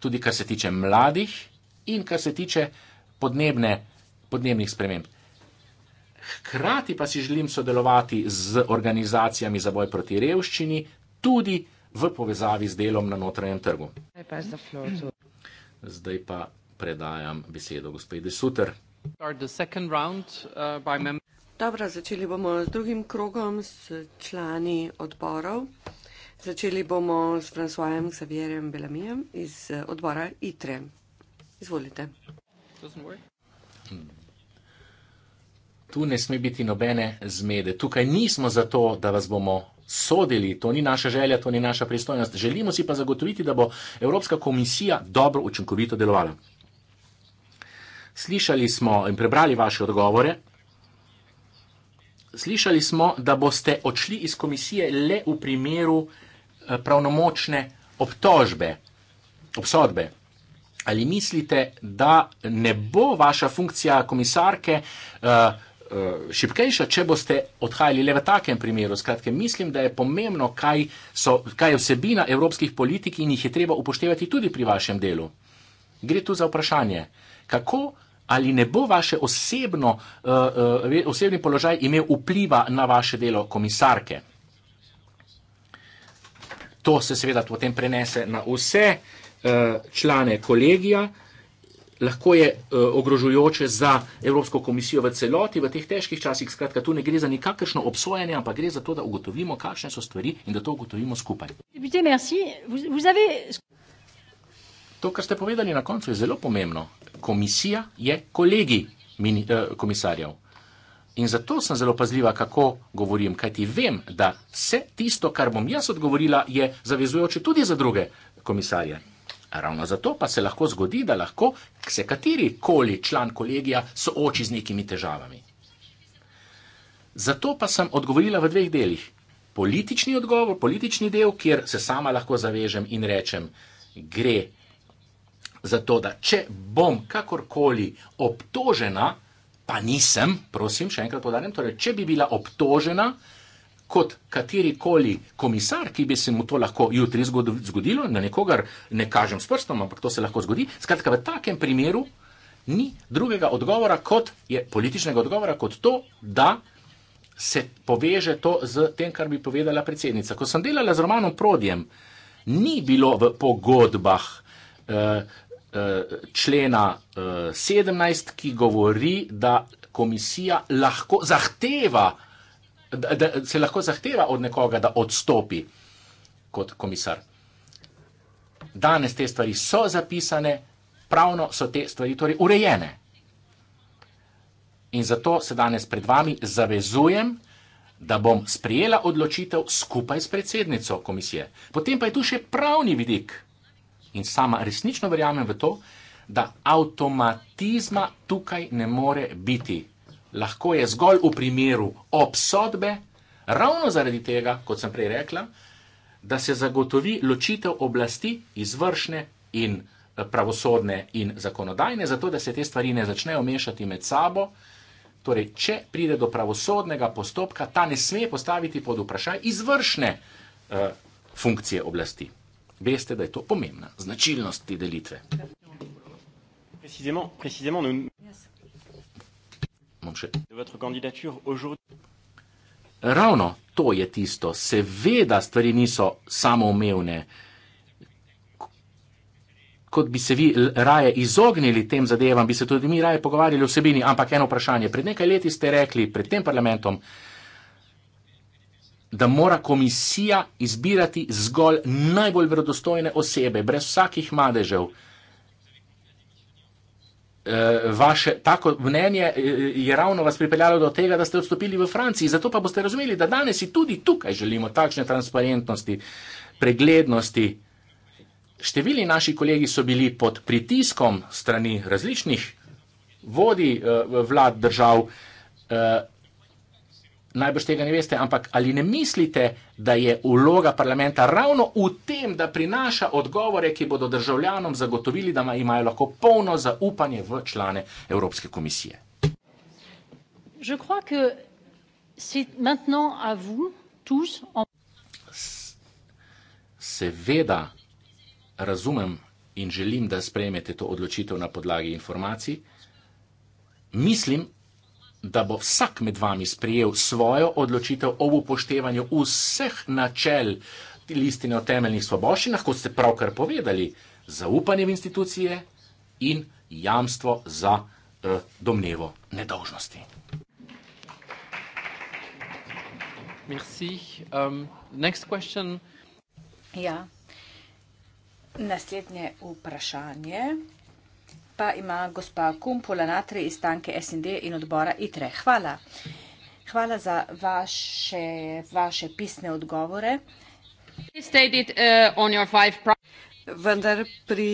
tudi kar se tiče mladih in kar se tiče podnebne, podnebnih sprememb. Hkrati pa si želim sodelovati z organizacijami za boj proti revščini, tudi v povezavi s delom na notranjem trgu. Zdaj pa predajam besedo gospodi Suter. Uh, dobro, začeli bomo z drugim krogom, s člani odborov. Začeli bomo s Fransojem Xavierjem Belamijem iz uh, odbora ITRE. Izvolite. Hmm. Tu ne sme biti nobene zmede. Tukaj nismo zato, da vas bomo sodili. To ni naša želja, to ni naša pristojnost. Želimo si pa zagotoviti, da bo Evropska komisija dobro, učinkovito delovala slišali smo in prebrali vaše odgovore, slišali smo, da boste odšli iz komisije le v primeru eh, pravnomočne obtožbe, obsodbe. Ali mislite, da ne bo vaša funkcija komisarke eh, eh, šipkejša, če boste odhajali le v takem primeru? Skratke, mislim, da je pomembno, kaj, so, kaj je vsebina evropskih politik in jih je treba upoštevati tudi pri vašem delu. Gre tu za vprašanje. Uh, kako ali ne bo vaše osebno, uh, uh, osebni položaj imel vpliva na vaše delo komisarke. To se seveda potem prenese na vse uh, člane kolegija. Lahko je uh, ogrožujoče za Evropsko komisijo v celoti, v teh težkih časih. Skratka, tu ne gre za nikakršno obsojanje, ampak gre za to, da ugotovimo, kakšne so stvari in da to ugotovimo skupaj. To, kar ste povedali na koncu, je zelo pomembno komisija je kolegi mini, eh, komisarjev. In zato sem zelo pazljiva, kako govorim, kajti vem, da se tisto, kar bom jaz odgovorila, je zavezujoče tudi za druge komisarje. Ravno zato pa se lahko zgodi, da lahko se kateri koli član kolegija sooči z nekimi težavami. Zato pa sem odgovorila v dveh delih. Politični odgovor, politični del, kjer se sama lahko zavežem in rečem, gre. Zato, da če bom kakorkoli obtožena, pa nisem, prosim, še enkrat podarjam, torej, če bi bila obtožena kot katerikoli komisar, ki bi se mu to lahko jutri zgodilo, na nekogar ne kažem s prstom, ampak to se lahko zgodi, skratka, v takem primeru ni drugega odgovora, kot je političnega odgovora, kot to, da se poveže to z tem, kar bi povedala predsednica. Ko sem delala z Romanom Prodjem, ni bilo v pogodbah, eh, Eh, člena 17, eh, ki govori, da komisija lahko zahteva, da, da se lahko zahteva od nekoga, da odstopi kot komisar. Danes te stvari so zapisane, pravno so te stvari torej urejene. In zato se danes pred vami zavezujem, da bom sprejela odločitev skupaj s predsednico komisije. Potem pa je tu še pravni vidik. In sama resnično verjamem v to, da avtomatizma tukaj ne more biti. Lahko je zgolj v primeru obsodbe, ravno zaradi tega, kot sem prej rekla, da se zagotovi ločitev oblasti izvršne in eh, pravosodne in zakonodajne, zato da se te stvari ne začnejo mešati med sabo. Torej, če pride do pravosodnega postopka, ta ne sme postaviti pod vprašaj izvršne uh, funkcije oblasti veste, da je to pomembna značilnost te delitve. Ravno to je tisto. Seveda stvari niso samoumevne. Kot bi se vi raje izognili tem zadevam, bi se tudi mi raje pogovarjali o sebini. Ampak eno vprašanje. Pred nekaj leti ste rekli pred tem parlamentom, da mora komisija izbirati zgolj najbolj vredostojne osebe, brez vsakih madežev. Eh, vaše tako mnenje eh, je ravno vas pripeljalo do tega, da ste odstopili v Franciji. Zato pa boste razumeli, da danes in tudi tukaj želimo takšne transparentnosti, preglednosti. Številni naši kolegi so bili pod pritiskom strani različnih vodi eh, vlad držav najbrž tega ne veste, ampak ali ne mislite, da je uloga parlamenta ravno v tem, da prinaša odgovore, ki bodo državljanom zagotovili, da imajo lahko polno zaupanje v člane Evropske komisije? Seveda razumem in želim, da sprejmete to odločitev na podlagi informacij. Mislim, da bo vsak med vami sprejel svojo odločitev o upoštevanju vseh načel listine o temeljnih svoboščinah, kot ste pravkar povedali, zaupanje v institucije in jamstvo za eh, domnevo nedolžnosti. Merci. Um, next question. Ja. Naslednje vprašanje pa ima gospa Kumpula Natri iz stanke SND in odbora ITRE. Hvala. Hvala za vaše, vaše pisne odgovore. Uh, Vendar pri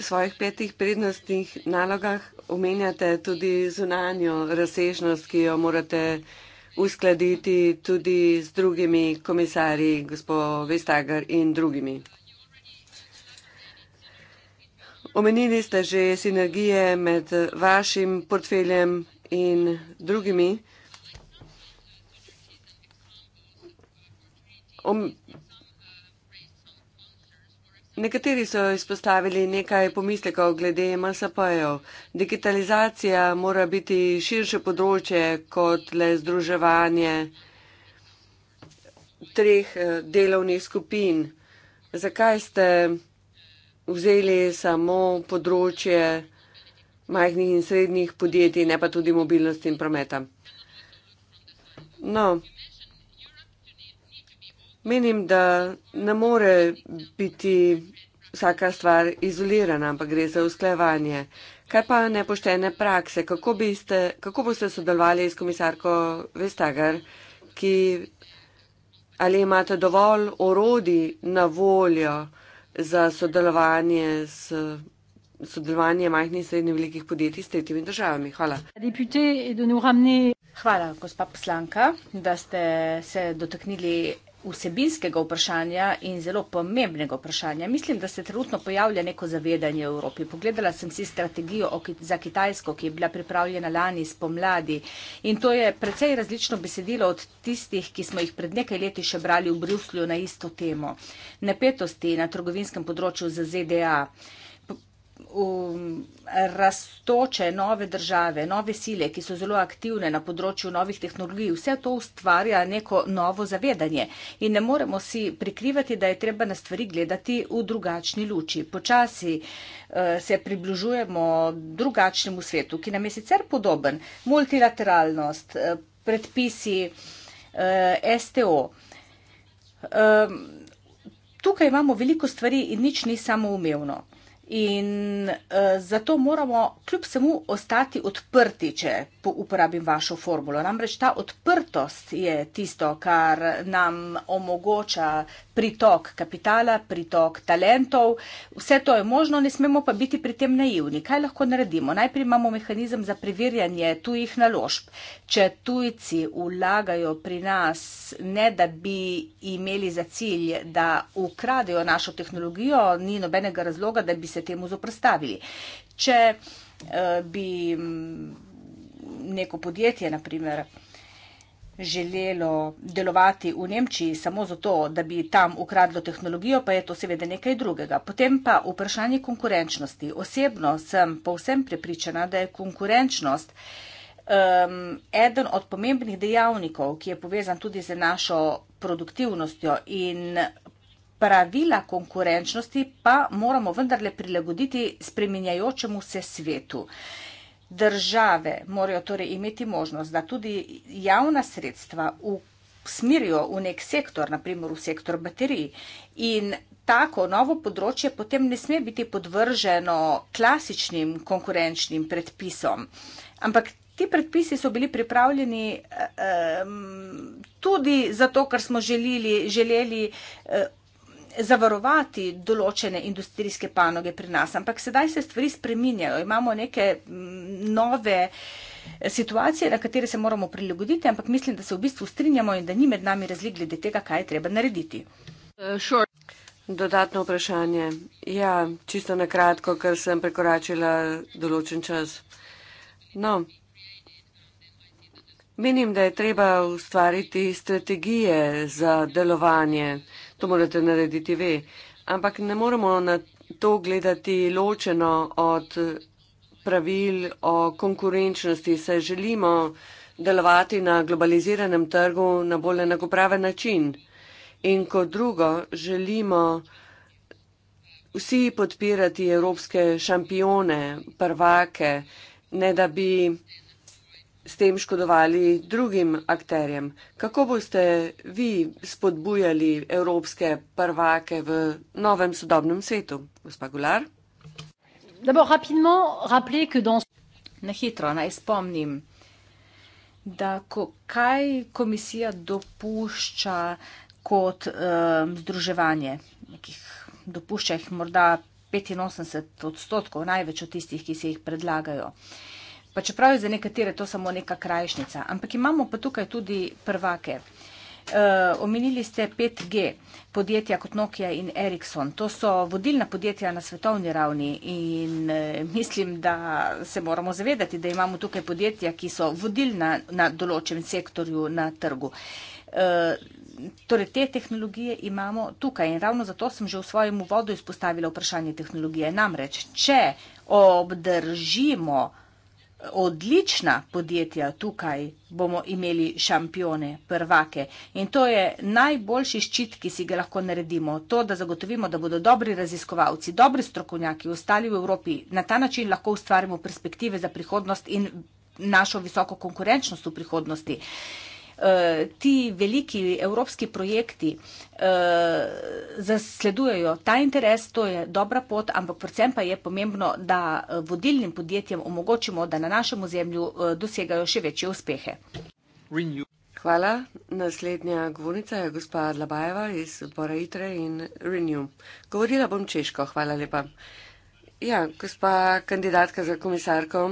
svojih petih prednostnih nalogah omenjate tudi zunanjo razsežnost, ki jo morate uskladiti tudi z drugimi komisarji, gospod Vestager in drugimi. Omenili ste že sinergije med vašim portfeljem in drugimi. Om Nekateri so izpostavili nekaj pomislekov glede MSP-jev. Digitalizacija mora biti širše področje kot le združevanje treh eh, delovnih skupin. Zakaj ste vzeli samo področje majhnih in srednjih podjetij, ne pa tudi mobilnosti in prometa. No, menim, da ne more biti vsaka stvar izolirana, ampak gre za usklajevanje. Kaj pa nepoštene prakse? Kako, biste, kako boste sodelovali s komisarko Vestager, ki ali imate dovolj orodi na voljo? za sodelovanje s sodelovanje majhnih in srednjih velikih podjetij s tretjimi državami. Hvala. Eh, Hvala, gospa poslanka, da ste se dotaknili vsebinskega vprašanja in zelo pomembnega vprašanja. Mislim, da se trenutno pojavlja neko zavedanje v Evropi. Pogledala sem si strategijo za Kitajsko, ki je bila pripravljena lani spomladi in to je precej različno besedilo od tistih, ki smo jih pred nekaj leti še brali v Bruslju na isto temo. Napetosti na trgovinskem področju za ZDA rastoče nove države, nove sile, ki so zelo aktivne na področju novih tehnologij, vse to ustvarja neko novo zavedanje in ne moremo si prikrivati, da je treba na stvari gledati v drugačni luči. Počasi eh, se približujemo drugačnemu svetu, ki nam je sicer podoben. Multilateralnost, eh, predpisi eh, STO. Tukaj imamo veliko stvari in nič ni samoumevno. In uh, zato moramo kljub vsemu ostati odprti, če uporabim vašo formulo. Namreč ta odprtost je tisto, kar nam omogoča pritok kapitala, pritok talentov. Vse to je možno, ne smemo pa biti pri tem naivni. Kaj lahko naredimo? Najprej imamo mehanizem za preverjanje tujih naložb. Če tujci vlagajo pri nas, ne da bi imeli za cilj, da ukradejo našo tehnologijo, ni nobenega razloga, da bi se se temu zoprstavili. Če eh, bi neko podjetje, na primer, želelo delovati v Nemčiji samo zato, da bi tam ukradlo tehnologijo, pa je to seveda nekaj drugega. Potem pa vprašanje konkurenčnosti. Osebno sem povsem prepričana, da je konkurenčnost um, eden od pomembnih dejavnikov, ki je povezan tudi z našo produktivnostjo in pravila konkurenčnosti pa moramo vendarle prilagoditi spreminjajočemu se svetu. Države morajo torej imeti možnost, da tudi javna sredstva usmirijo v nek sektor, naprimer v sektor baterij. In tako novo področje potem ne sme biti podvrženo klasičnim konkurenčnim predpisom. Ampak ti predpisi so bili pripravljeni eh, tudi zato, ker smo želili, želeli. Eh, zavarovati določene industrijske panoge pri nas, ampak sedaj se stvari spreminjajo. Imamo neke nove eh, situacije, na katere se moramo prilagoditi, ampak mislim, da se v bistvu strinjamo in da ni med nami razlik glede tega, kaj je treba narediti. Uh, sure. Dodatno vprašanje. Ja, čisto na kratko, ker sem prekoračila določen čas. No, menim, da je treba ustvariti strategije za delovanje to morate narediti vi. Ampak ne moremo na to gledati ločeno od pravil o konkurenčnosti, saj želimo delovati na globaliziranem trgu na bolj enakopraven način. In kot drugo, želimo vsi podpirati evropske šampione, prvake, ne da bi s tem škodovali drugim akterjem. Kako boste vi spodbujali evropske prvake v novem sodobnem svetu, gospa Gular? Na hitro naj spomnim, da ko, kaj komisija dopušča kot um, združevanje, nekih, dopušča jih morda 85 odstotkov, največ od tistih, ki se jih predlagajo. Uh, pa čeprav je za nekatere to samo neka krajšnica, ampak imamo pa tukaj tudi prvake. Uh, omenili ste 5G podjetja kot Nokia in Ericsson. To so vodilna podjetja na svetovni ravni in uh, mislim, da se moramo zavedati, da imamo tukaj podjetja, ki so vodilna na določenem sektorju na trgu. Uh, torej, te tehnologije imamo tukaj in ravno zato sem že v svojem uvodu izpostavila vprašanje tehnologije. Namreč, če obdržimo uh, odlična podjetja tukaj bomo imeli šampione, prvake. In to je najboljši ščit, ki si ga lahko naredimo. To, da zagotovimo, da bodo dobri raziskovalci, dobri strokovnjaki ostali v Evropi, na ta način lahko ustvarimo perspektive za prihodnost in našo visoko konkurenčnost v prihodnosti. Uh, Eh, ti veliki evropski projekti eh, zasledujejo ta interes, to je dobra pot, ampak predvsem pa je pomembno, da eh, vodilnim podjetjem omogočimo, da na našem ozemlju dosegajo še večje uspehe. Renew. Hvala. Naslednja govornica je gospa Dlabajeva iz odbora ITRE in Renew. Govorila bom češko, hvala lepa. Ja, gospa kandidatka za komisarko,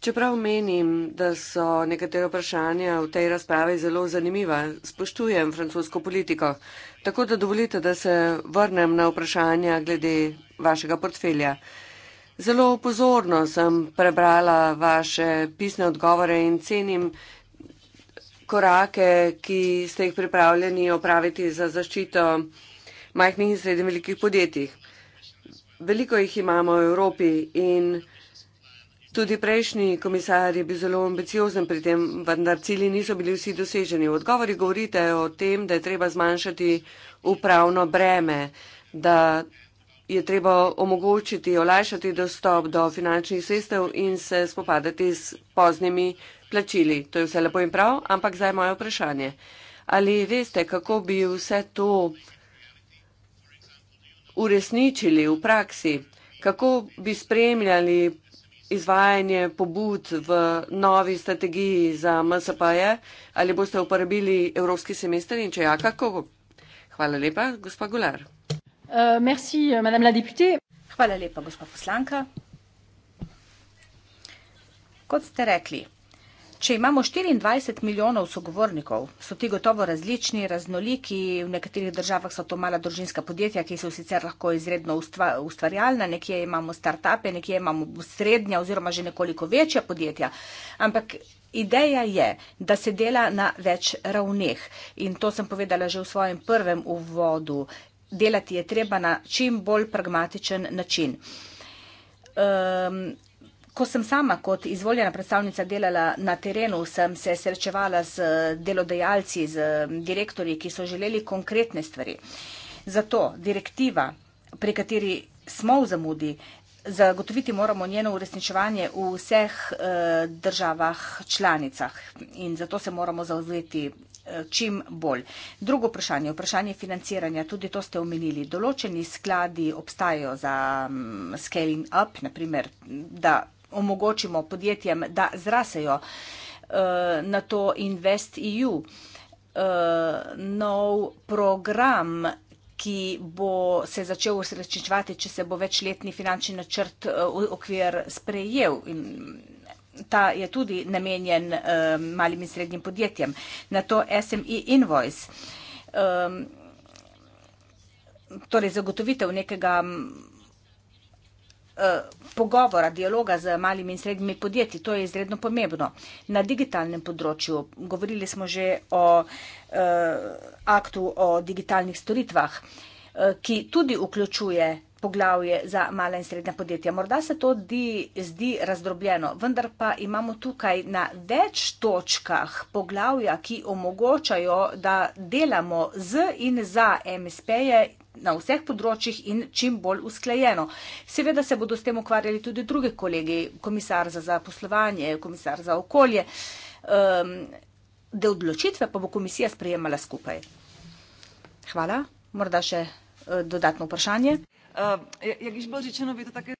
Čeprav menim, da so nekatere vprašanja v tej razpravi zelo zanimiva, spoštujem francosko politiko, tako da dovolite, da se vrnem na vprašanja glede vašega portfelja. Zelo pozorno sem prebrala vaše pisne odgovore in cenim korake, ki ste jih pripravljeni opraviti za zaščito majhnih in srednjih velikih podjetij. Veliko jih imamo v Evropi in. Tudi prejšnji komisar je bil zelo ambiciozen pri tem, vendar cilji niso bili vsi doseženi. V odgovori govorite o tem, da je treba zmanjšati upravno breme, da je treba omogočiti, olajšati dostop do finančnih sredstev in se spopadati s poznimi plačili. To je vse lepo in prav, ampak zdaj moje vprašanje. Ali veste, kako bi vse to uresničili v praksi? Kako bi spremljali izvajanje pobud v novi strategiji za MSP-je? Ali boste uporabili evropski semester in če ja, kako? Hvala lepa, gospa Gular. Uh, euh, Hvala lepa, gospa poslanka. Kot ste rekli, Če imamo 24 milijonov sogovornikov, so ti gotovo različni, raznoliki, v nekaterih državah so to mala družinska podjetja, ki so sicer lahko izredno ustva, ustvarjalna, nekje imamo start-upe, nekje imamo srednja oziroma že nekoliko večja podjetja, ampak ideja je, da se dela na več ravneh in to sem povedala že v svojem prvem uvodu, delati je treba na čim bolj pragmatičen način. Um, Ko sem sama kot izvoljena predstavnica delala na terenu, sem se srečevala z delodajalci, z direktori, ki so želeli konkretne stvari. Zato direktiva, pri kateri smo v zamudi, zagotoviti moramo njeno uresničevanje v vseh eh, državah članicah in zato se moramo zauzeti eh, čim bolj. Drugo vprašanje, vprašanje financiranja, tudi to ste omenili. Določeni skladi obstajajo za mm, scaling up, naprimer, da omogočimo podjetjem, da zrasejo eh, na to Invest EU. Eh, nov program, ki bo se začel usrečičevati, če se bo večletni finančni načrt eh, okvir sprejel. Ta je tudi namenjen malim in srednjim podjetjem. Na to SME invoice, torej zagotovitev nekega podjetja, Eh, pogovora, dialoga z malimi in srednjimi podjetji. To je izredno pomembno. Na digitalnem področju, govorili smo že o eh, aktu o digitalnih storitvah, eh, ki tudi vključuje poglavje za mala in srednja podjetja. Morda se to di, zdi razdrobljeno, vendar pa imamo tukaj na več točkah poglavja, ki omogočajo, da delamo z in za MSP-je na vseh področjih in čim bolj usklajeno. Seveda se bodo s tem ukvarjali tudi drugi kolegi, komisar za zaposlovanje, komisar za okolje, um, da odločitve pa bo komisija sprejemala skupaj. Hvala. Morda še uh, dodatno vprašanje. Eh, ja,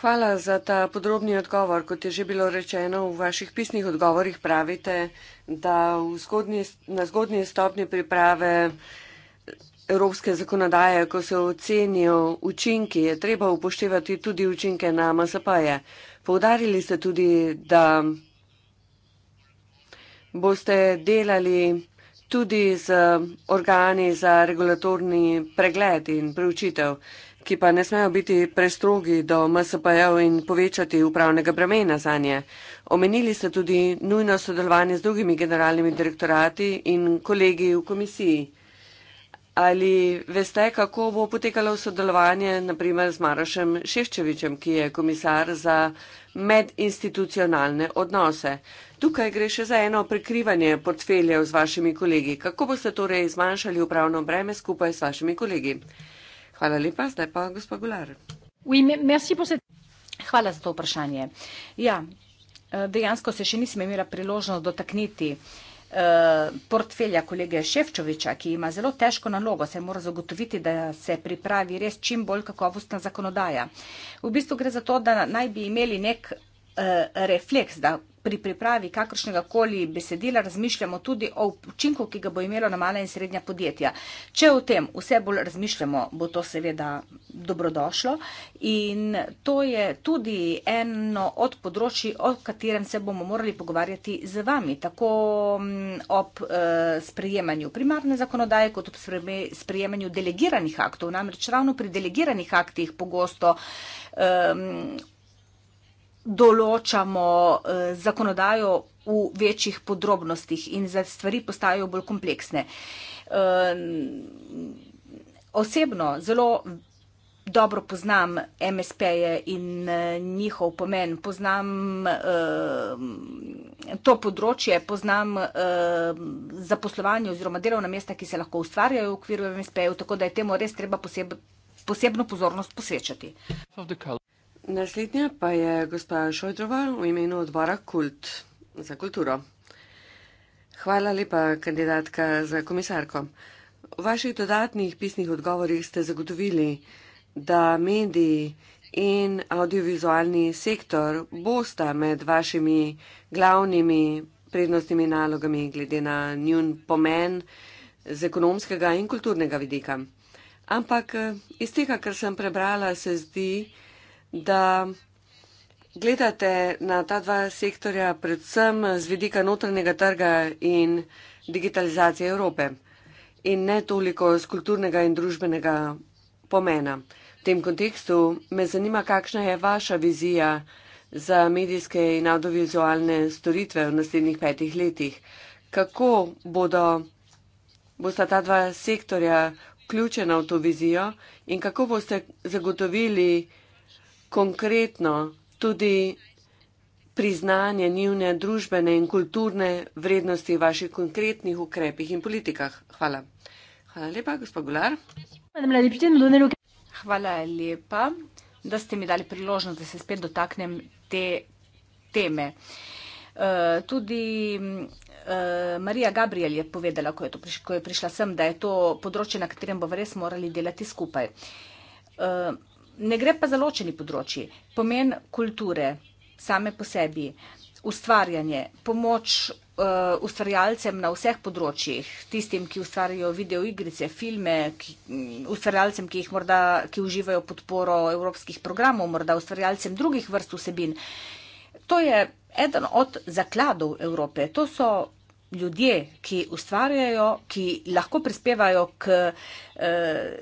Hvala za ta podrobni odgovor. Kot je že bilo rečeno v vaših pisnih odgovorih, pravite, da zgodnje, na zgodnje stopnje priprave uh, evropske zakonodaje, ko se ocenijo učinki, je treba upoštevati tudi učinke na MSP-je. Poudarili ste tudi, da boste delali tudi z organi za regulatorni pregled in preučitev, ki pa ne smejo biti prestrogi do MSP-jev in povečati upravnega bremena za nje. Omenili ste tudi nujno sodelovanje z drugimi generalnimi direktorati in kolegi v komisiji. Ali veste, kako bo potekalo sodelovanje naprimer z Marošem Šeščevičem, ki je komisar za medinstitucionalne odnose? Tukaj gre še za eno prekrivanje portfeljev z vašimi kolegi. Kako boste torej zmanjšali upravno breme skupaj s vašimi kolegi? Hvala lepa, zdaj pa gospod Gular. Hvala za to vprašanje. Ja, eh, dejansko se še nisem imela priložnost dotakniti uh, Eh, portfelja kolege Ševčoviča, ki ima zelo težko nalogo, se mora zagotoviti, da se pripravi res čim bolj kakovostna zakonodaja. V bistvu gre za to, da naj bi imeli nek eh, refleks, da pri pripravi kakršnega koli besedila razmišljamo tudi o učinku, ki ga bo imelo na mala in srednja podjetja. Če o tem vse bolj razmišljamo, bo to seveda dobrodošlo in to je tudi eno od področji, o katerem se bomo morali pogovarjati z vami, tako mm, ob eh, sprejemanju primarne zakonodaje, kot ob sprejemanju delegiranih aktov. Namreč ravno pri delegiranih aktih pogosto določamo eh, zakonodajo v večjih podrobnostih in za stvari postajajo bolj kompleksne. Eh, osebno zelo dobro poznam MSP-je in eh, njihov pomen, poznam eh, to področje, poznam eh, zaposlovanje oziroma delovna mesta, ki se lahko ustvarjajo v okviru MSP-jev, tako da je temu res treba poseb, posebno pozornost posvečati. Naslednja pa je gospa Šojdrova v imenu odbora Kult za kulturo. Hvala lepa, kandidatka za komisarko. V vaših dodatnih pisnih odgovorih ste zagotovili, da mediji in audiovizualni sektor bosta med vašimi glavnimi prednostnimi nalogami glede na njun pomen z ekonomskega in kulturnega vidika. Ampak eh, iz tega, kar sem prebrala, se zdi, da da gledate na ta dva sektorja predvsem z vidika notranjega trga in digitalizacije Evrope in ne toliko z kulturnega in družbenega pomena. V tem kontekstu me zanima, kakšna je vaša vizija za medijske in audiovizualne storitve v naslednjih petih letih. Kako bodo, bosta ta dva sektorja vključena v to vizijo in kako boste zagotovili, konkretno tudi priznanje njihove družbene in kulturne vrednosti v vaših konkretnih ukrepih in politikah. Hvala. Hvala lepa, gospod Gular. Hvala lepa, da ste mi dali priložnost, da se spet dotaknem te teme. Eh, tudi eh, Marija Gabriel je povedala, ko je, to, ko je prišla sem, da je to področje, na katerem bomo res morali delati skupaj. Eh, Ne gre pa za ločeni področji. Pomen kulture, same po sebi, ustvarjanje, pomoč uh, ustvarjalcem na vseh področjih, tistim, ki ustvarjajo videoigrice, filme, ki, um, ustvarjalcem, ki, morda, ki uživajo podporo evropskih programov, morda ustvarjalcem drugih vrst vsebin. To je eden od zakladov Evrope. To so ljudje, ki ustvarjajo, ki lahko prispevajo k eh,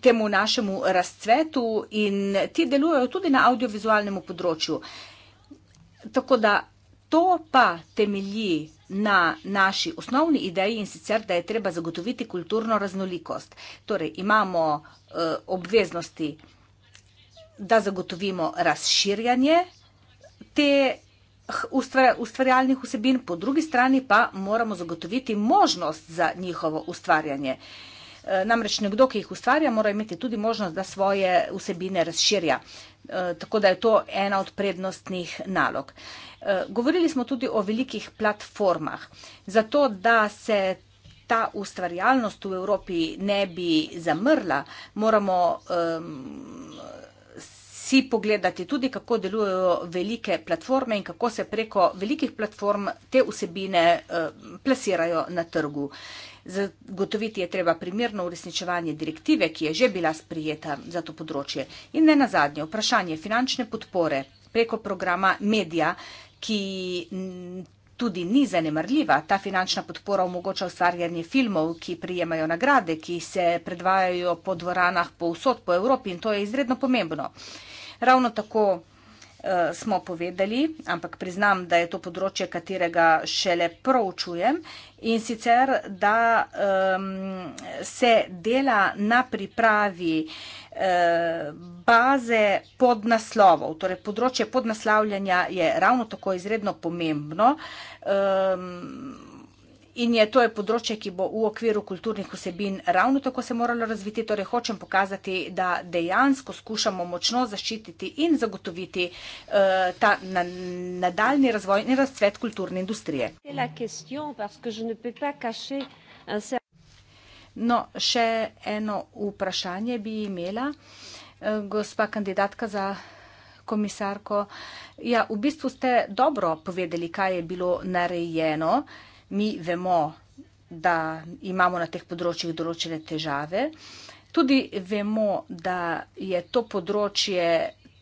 temu našemu razcvetu in ti delujejo tudi na audiovizualnem področju. Tako da to pa temelji na naši osnovni ideji in sicer, da je treba zagotoviti kulturno raznolikost. Torej imamo eh, obveznosti, da zagotovimo razširjanje te ustvarjalnih vsebin, po drugi strani pa moramo zagotoviti možnost za njihovo ustvarjanje. E, namreč nekdo, ki jih ustvarja, mora imeti tudi možnost, da svoje vsebine razširja. E, tako da je to ena od prednostnih nalog. E, govorili smo tudi o velikih platformah. Zato, da se ta ustvarjalnost v Evropi ne bi zamrla, moramo. Um, si pogledati tudi, kako delujejo velike platforme in kako se preko velikih platform te vsebine eh, plasirajo na trgu. Zagotoviti je treba primerno uresničevanje direktive, ki je že bila sprijeta za to področje. In ne nazadnje, vprašanje finančne podpore preko programa Media, ki tudi ni zanemrljiva. Ta finančna podpora omogoča ustvarjanje filmov, ki prijemajo nagrade, ki se predvajajo po dvoranah po vsot po Evropi in to je izredno pomembno. Uh, Ravno tako uh, smo povedali, ampak priznam, da je to področje, katerega šele proučujem in sicer, da um, se dela na pripravi uh, baze podnaslovov. Torej, področje podnaslavljanja je ravno tako izredno pomembno. Um, in je to je področje, ki bo v okviru kulturnih vsebin ravno tako se moralo razviti. Torej, hočem pokazati, da dejansko skušamo močno zaščititi in zagotoviti uh, ta na, nadaljni razvoj in razcvet kulturne industrije. No, še eno vprašanje bi imela, eh, gospa kandidatka za komisarko. Ja, v bistvu ste dobro povedali, kaj je bilo narejeno. Uh, mi vemo, da imamo na teh področjih določene težave. Tudi vemo, da je to področje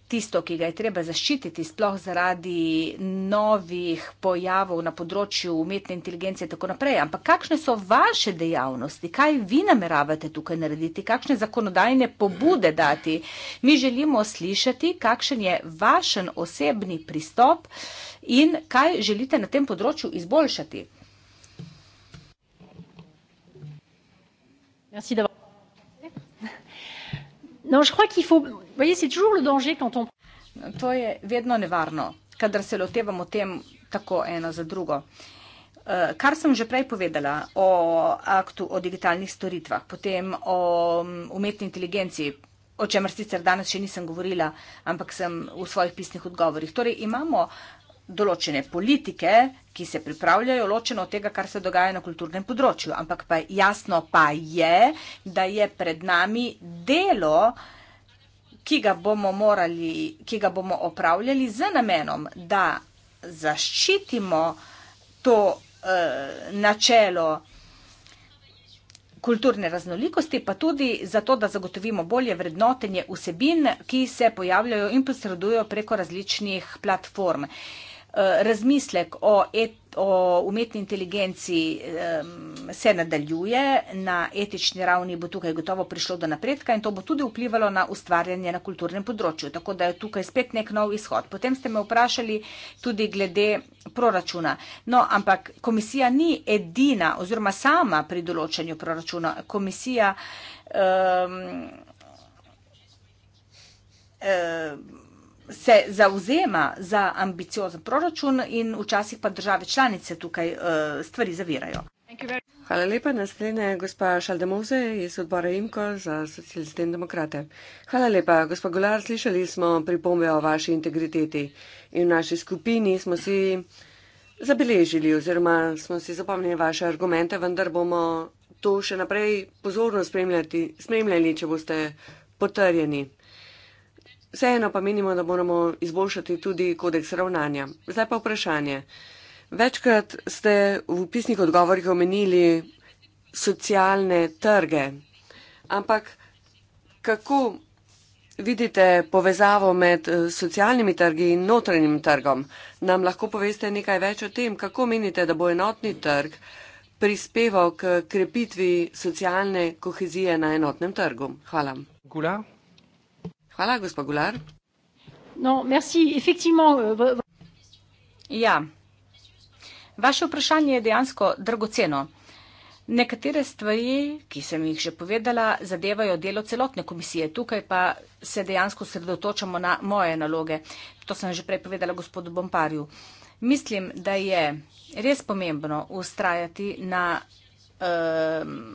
tisto, ki ga je treba zaščititi, sploh zaradi novih pojavov na področju umetne inteligence in tako naprej. Ampak kakšne so vaše dejavnosti, kaj vi nameravate tukaj narediti, kakšne zakonodajne pobude dati? Mi želimo slišati, kakšen je vašen osebni pristop in kaj želite na tem področju izboljšati. Merci d'avoir. Non, je crois qu'il faut. Vous voyez, c'est toujours le danger quand on. To je vedno nevarno, kadar se lotevamo tem tako eno za drugo. Eh, kar sem že prej povedala o aktu o digitalnih storitvah, potem o mm, umetni inteligenci, o čemer sicer danes še nisem govorila, ampak sem v svojih pisnih odgovorih. Torej imamo uh, določene politike, ki se pripravljajo ločeno od tega, kar se dogaja na kulturnem področju. Ampak pa jasno pa je, da je pred nami delo, ki ga bomo, morali, ki ga bomo opravljali z namenom, da zaščitimo to eh, načelo kulturne raznolikosti, pa tudi zato, da zagotovimo bolje vrednotenje vsebin, ki se pojavljajo in posredujo preko različnih platform. Eh, Eh, razmislek o, et, o umetni inteligenci um, se nadaljuje, na etični ravni bo tukaj gotovo prišlo do napredka in to bo tudi vplivalo na ustvarjanje na kulturnem področju. Tako da je tukaj spet nek nov izhod. Potem ste me vprašali tudi glede proračuna. No, ampak komisija ni edina oziroma sama pri določanju proračuna. Komisija. Um, um, se zauzema za ambiciozen proračun in včasih pa države članice tukaj uh, stvari zavirajo. Hvala lepa, naslednja je gospa Šaldemose iz odbora IMKO za socialiste in demokrate. Hvala lepa, gospa Golar, slišali smo pripombe o vaši integriteti in v naši skupini smo si zabeležili oziroma smo si zapomnili vaše argumente, vendar bomo to še naprej pozorno spremljali, če boste potrjeni. Vseeno pa menimo, da moramo izboljšati tudi kodeks ravnanja. Zdaj pa vprašanje. Večkrat ste v pisnih odgovorih omenili socialne trge, ampak kako vidite povezavo med eh, socialnimi trgi in notranjim trgom? Nam lahko poveste nekaj več o tem, kako menite, da bo enotni trg prispeval k krepitvi socialne kohezije na enotnem trgu? Hvala. Gula. Hvala, gospod Gular. No, merci, effectivement. Euh, ja, vaše vprašanje je dejansko dragoceno. Nekatere stvari, ki sem jih že povedala, zadevajo delo celotne komisije. Tukaj pa se dejansko sredotočamo na moje naloge. To sem že prej povedala gospodu Bomparju. Mislim, da je res pomembno ustrajati na um,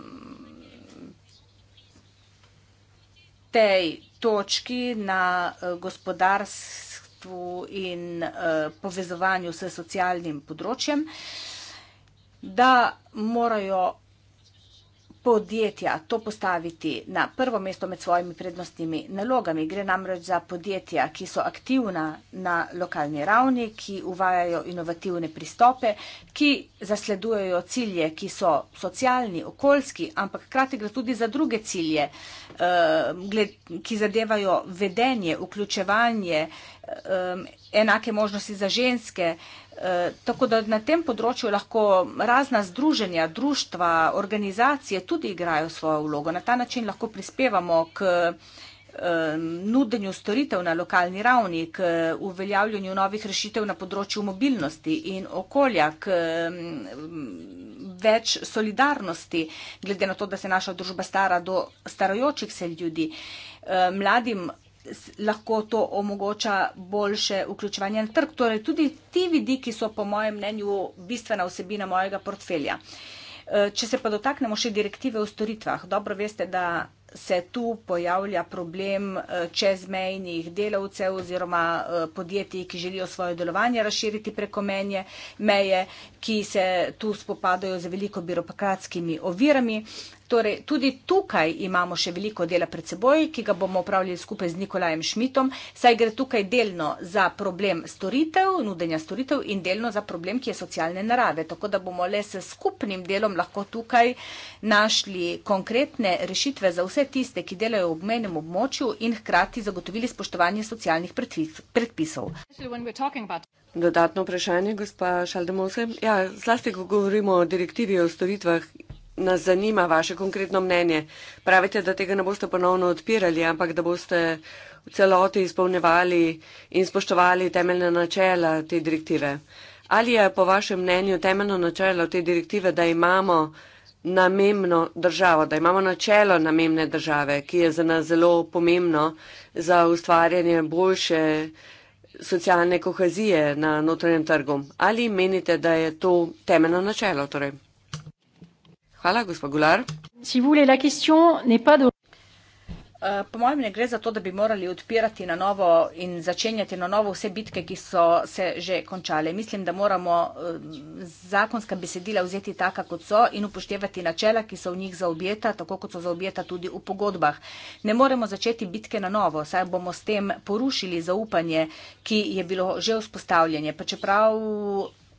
tej točki na eh, gospodarstvu in eh, povezovanju s socialnim področjem, da morajo podjetja to postaviti na prvo mesto med svojimi prednostnimi nalogami. Gre namreč za podjetja, ki so aktivna na lokalni ravni, ki uvajajo inovativne pristope, ki zasledujejo cilje, ki so socialni, okoljski, ampak krati gre tudi za druge cilje, eh, ki zadevajo vedenje, vključevanje um, enake možnosti za ženske. E, tako da na tem področju lahko razna združenja, društva, organizacije tudi igrajo svojo vlogo. Na ta način lahko prispevamo k um, nudenju storitev na lokalni ravni, k uveljavljanju novih rešitev na področju mobilnosti in okolja, k um, več solidarnosti, glede na to, da se naša družba stara do starajočih se ljudi. E, mladim lahko to omogoča boljše vključevanje na trg. Torej, tudi ti vidiki so, po mojem mnenju, bistvena osebina mojega portfelja. E, če se pa dotaknemo še direktive o storitvah, dobro veste, da se tu pojavlja problem e, čezmejnih delavcev oziroma e, podjetij, ki želijo svoje delovanje razširiti preko menje, meje, ki se tu spopadajo z veliko birokratskimi ovirami. Torej, tudi tukaj imamo še veliko dela pred seboj, ki ga bomo upravljali skupaj z Nikolajem Šmitom, saj gre tukaj delno za problem storitev, nudenja storitev in delno za problem, ki je socialne narave. Tako da bomo le s skupnim delom lahko tukaj našli konkretne rešitve za vse tiste, ki delajo v obmenem območju in hkrati zagotovili spoštovanje socialnih predpisov. Dodatno vprašanje, gospa Šaldemose. Ja, zlasti, ko govorimo o direktivi o storitvah nas zanima vaše konkretno mnenje. Pravite, da tega ne boste ponovno odpirali, ampak da boste v celoti izpolnevali in spoštovali temeljne načela te direktive. Ali je po vašem mnenju temeljno načelo te direktive, da imamo namemno državo, da imamo načelo namemne države, ki je za nas zelo pomembno za ustvarjanje boljše socialne kohezije na notranjem trgu? Ali menite, da je to temeljno načelo? Torej? Hvala, gospod Gular. Eh, po mojem ne gre za to, da bi morali odpirati na novo in začenjati na novo vse bitke, ki so se že končale. Mislim, da moramo eh, zakonska besedila vzeti taka, kot so in upoštevati načela, ki so v njih zaobjeta, tako kot so zaobjeta tudi v pogodbah. Ne moremo začeti bitke na novo, saj bomo s tem porušili zaupanje, ki je bilo že vzpostavljanje, pa čeprav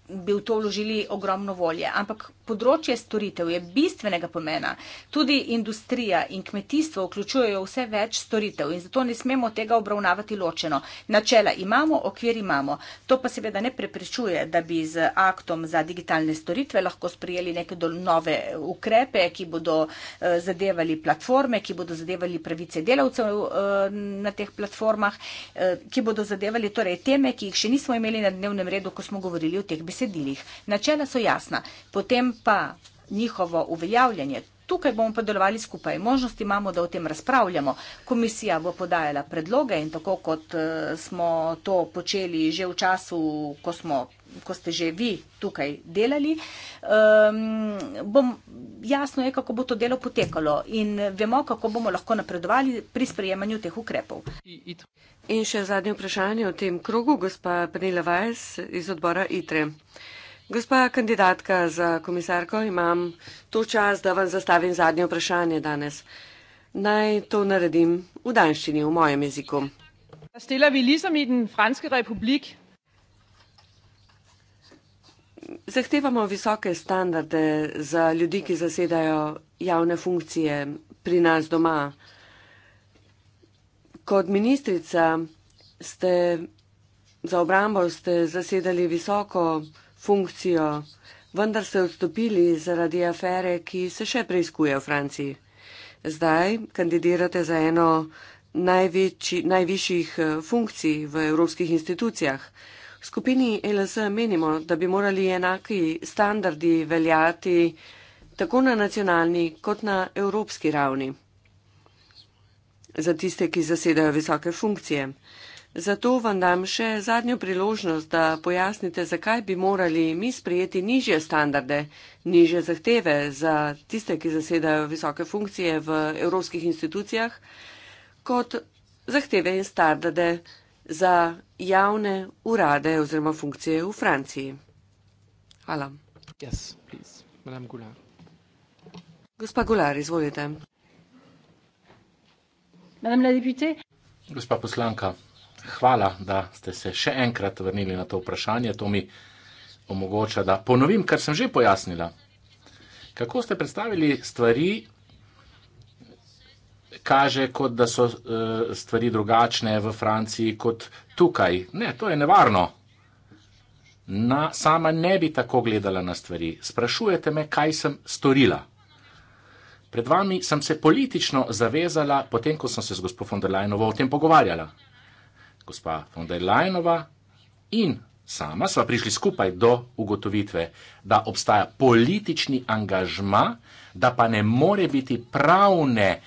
bi v to vložili ogromno volje. Ampak Področje storitev je bistvenega pomena. Tudi industrija in kmetijstvo vključujejo vse več storitev in zato ne smemo tega obravnavati ločeno. Načela imamo, okvir imamo. To pa seveda ne preprečuje, da bi z aktom za digitalne storitve lahko sprijeli neke nove ukrepe, ki bodo eh, zadevali platforme, ki bodo zadevali pravice delavcev eh, na teh platformah, eh, ki bodo zadevali torej teme, ki jih še nismo imeli na dnevnem redu, ko smo govorili o teh besedilih. Načela so jasna. Potem pa njihovo uveljavljanje. Tukaj bomo pa delovali skupaj. Možnosti imamo, da o tem razpravljamo. Komisija bo podajala predloge in tako kot eh, smo to počeli že v času, ko, smo, ko ste že vi tukaj delali, um, bom jasno je, kako bo to delo potekalo in vemo, kako bomo lahko napredovali pri sprejemanju teh ukrepov. In še zadnje vprašanje v tem krogu, gospa Penela Vajs iz odbora ITRE. Gospa kandidatka za komisarko, imam to čas, da vam zastavim zadnje vprašanje danes. Naj to naredim v danščini, v mojem jeziku. Zahtevamo visoke standarde za ljudi, ki zasedajo javne funkcije pri nas doma. Kot ministrica ste za obrambo ste zasedali visoko funkcijo funkcijo, vendar ste odstopili zaradi afere, ki se še preizkuje v Franciji. Zdaj kandidirate za eno največji, najvišjih eh, funkcij v evropskih institucijah. V skupini LS menimo, da bi morali enaki standardi veljati tako na nacionalni kot na evropski ravni za tiste, ki zasedajo visoke funkcije. Zato vam dam še zadnjo priložnost, da pojasnite, zakaj bi morali mi sprejeti nižje standarde, nižje zahteve za tiste, ki zasedajo visoke funkcije v evropskih institucijah, kot zahteve in standarde za javne urade oziroma funkcije v Franciji. Hvala. Yes, Goulard. Gospa Gular, izvolite. Gospa poslanka hvala, da ste se še enkrat vrnili na to vprašanje. To mi omogoča, da ponovim, kar sem že pojasnila. Kako ste predstavili stvari, kaže, kot da so uh, stvari drugačne v Franciji kot tukaj. Ne, to je nevarno. Na, sama ne bi tako gledala na stvari. Sprašujete me, kaj sem storila. Pred vami sem se politično zavezala, potem ko sem se z gospodom von der Leyenovo o tem pogovarjala gospa von der Leyenova in sama sva prišli skupaj do ugotovitve, da obstaja politični angažma, da pa ne more biti pravne,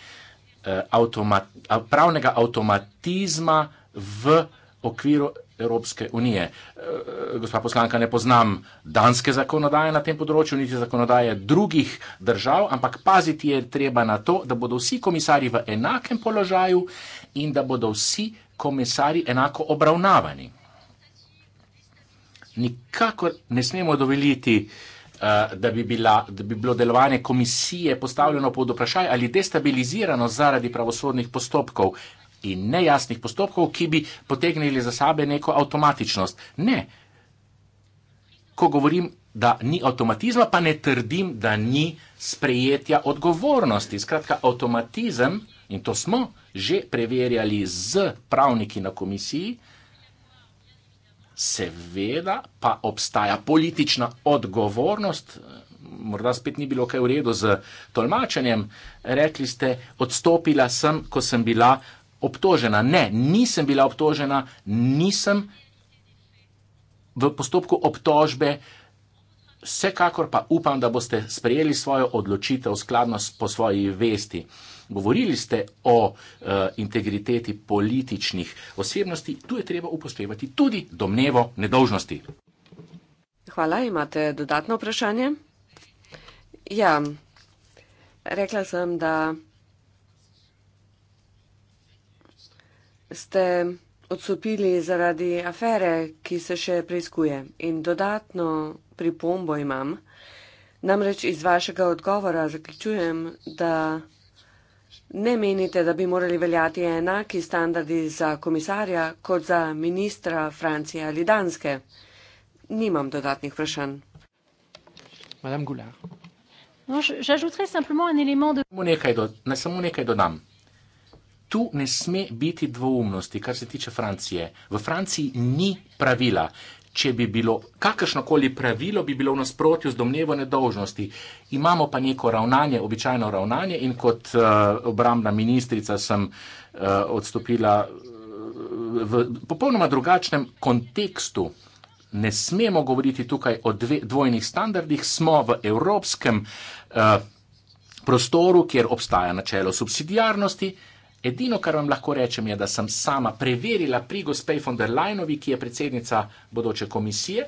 eh, automat, pravnega avtomatizma v okviru Evropske unije. Eh, gospa poslanka, ne poznam danske zakonodaje na tem področju, niti zakonodaje drugih držav, ampak paziti je treba na to, da bodo vsi komisari v enakem položaju in da bodo vsi komisari enako obravnavani. Nikakor ne smemo dovoliti, eh, da bi, bila, da bi bilo delovanje komisije postavljeno pod vprašaj ali destabilizirano zaradi pravosodnih postopkov in nejasnih postopkov, ki bi potegnili za sabo neko avtomatičnost. Ne. Ko govorim, da ni avtomatizma, pa ne trdim, da ni sprejetja odgovornosti. Skratka, avtomatizem in to smo že preverjali z pravniki na komisiji, seveda pa obstaja politična odgovornost, morda spet ni bilo kaj v redu z tolmačenjem, rekli ste, odstopila sem, ko sem bila obtožena. Ne, nisem bila obtožena, nisem v postopku obtožbe. Vsekakor pa upam, da boste sprejeli svojo odločitev skladno po svoji vesti. Govorili ste o uh, integriteti političnih osebnosti, tu je treba upoštevati tudi domnevo nedolžnosti. Hvala, imate dodatno vprašanje? Ja, rekla sem, da ste odsupili zaradi afere, ki se še preizkuje. In dodatno pripombo imam. Namreč iz vašega odgovora zaključujem, da Ne menite, da bi morali veljati enaki standardi za komisarja kot za ministra Francije ali Danske? Nimam dodatnih vprašanj. Madame Goulard. Samo nekaj, do, ne, samo nekaj dodam. Tu ne sme biti dvoumnosti, kar se tiče Francije. V Franciji ni pravila če bi bilo kakršnokoli pravilo, bi bilo v nasprotju z domnevo nedolžnosti. Imamo pa neko ravnanje, običajno ravnanje in kot uh, eh, obramna ministrica sem uh, odstopila eh, v popolnoma drugačnem kontekstu. Ne smemo govoriti tukaj o dve, dvojnih standardih, smo v evropskem uh, prostoru, kjer obstaja načelo subsidijarnosti, uh, Edino, kar vam lahko rečem, je, da sem sama preverila pri gospej von der Leinovi, ki je predsednica bodoče komisije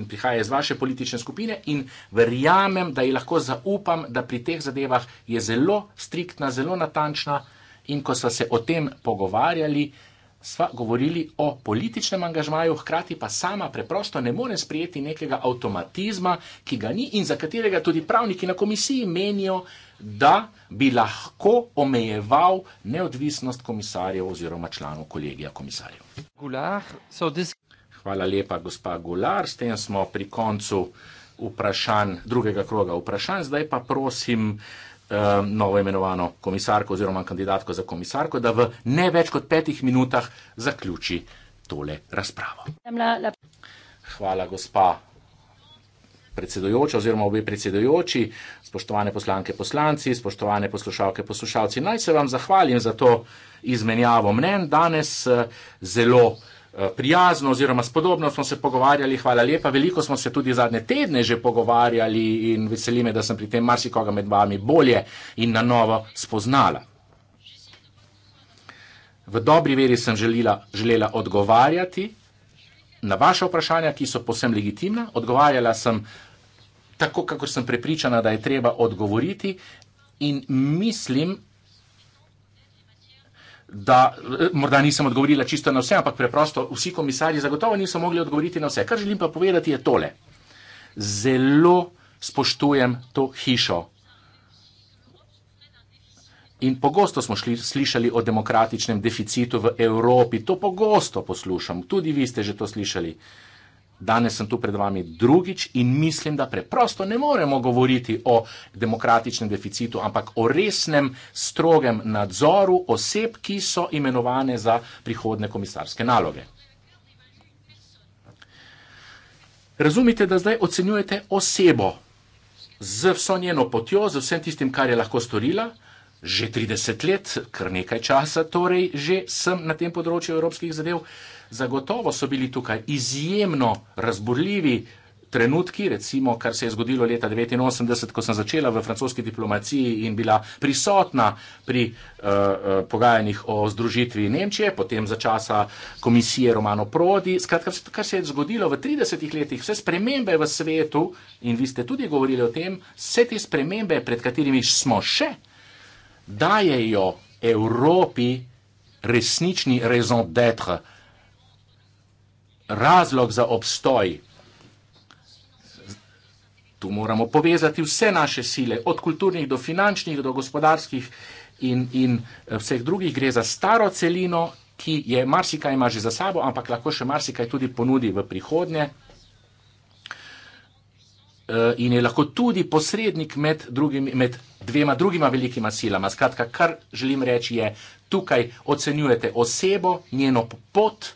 in prihaja iz vaše politične skupine, in verjamem, da ji lahko zaupam, da pri teh zadevah je zelo striktna, zelo natančna. In ko smo se o tem pogovarjali, smo govorili o političnem angažmaju, hkrati pa sama preprosto ne morem sprijeti nekega avtomatizma, ki ga ni in za katerega tudi pravniki na komisiji menijo, da bi lahko omejeval neodvisnost komisarjev oziroma članov kolegija komisarjev. Hvala lepa, gospa Gular. S tem smo pri koncu vprašanj, drugega kroga vprašanj. Zdaj pa prosim eh, novo imenovano komisarko oziroma kandidatko za komisarko, da v ne več kot petih minutah zaključi tole razpravo. Hvala, gospa predsedojoča oziroma obe predsedojoči, spoštovane poslanke poslanci, spoštovane poslušalke poslušalci. Naj se vam zahvalim za to izmenjavo mnen. Danes eh, zelo eh, prijazno oziroma spodobno smo se pogovarjali, hvala lepa, veliko smo se tudi zadnje tedne že pogovarjali in veseli me, da sem pri tem marsikoga med vami bolje in na novo spoznala. V dobri veri sem želila, želela odgovarjati na vaše vprašanja, ki so posebno legitimna. Odgovarjala sem tako, kako sem prepričana, da je treba odgovoriti, in mislim, da eh, morda nisem odgovorila čisto na vse, ampak preprosto vsi komisarji zagotovo niso mogli odgovoriti na vse. Kar želim pa povedati je tole. Zelo spoštujem to hišo. In pogosto smo šli, slišali o demokratičnem deficitu v Evropi, to pogosto poslušam, tudi vi ste že to slišali. Danes sem tu pred vami drugič in mislim, da preprosto ne moremo govoriti o demokratičnem deficitu, ampak o resnem, strogem nadzoru oseb, ki so imenovane za prihodne komisarske naloge. Razumite, da zdaj ocenjujete osebo z vso njeno potjo, z vsem tistim, kar je lahko storila, že 30 let, kar nekaj časa, torej že sem na tem področju evropskih zadev. Zagotovo so bili tukaj izjemno razburljivi trenutki, recimo, kar se je zgodilo leta 1989, ko sem začela v francoski diplomaciji in bila prisotna pri uh, uh, pogajanjih o združitvi Nemčije, potem za časa komisije Romano Prodi. Skratka, vse, kar se je zgodilo v 30 letih, vse spremembe v svetu, in vi ste tudi govorili o tem, vse te spremembe, pred katerimi smo še, uh, dajejo Evropi resnični raison d'être, razlog za obstoj. Tu moramo povezati vse naše sile, od kulturnih do finančnih, do gospodarskih in, in eh, vseh drugih. Gre za staro celino, ki je marsikaj ima že za sabo, ampak lahko še marsikaj tudi ponudi v prihodnje. Eh, in je lahko tudi posrednik med, drugimi, med dvema drugima velikima silama. Skratka, kar želim reči je, tukaj ocenjujete osebo, njeno pot,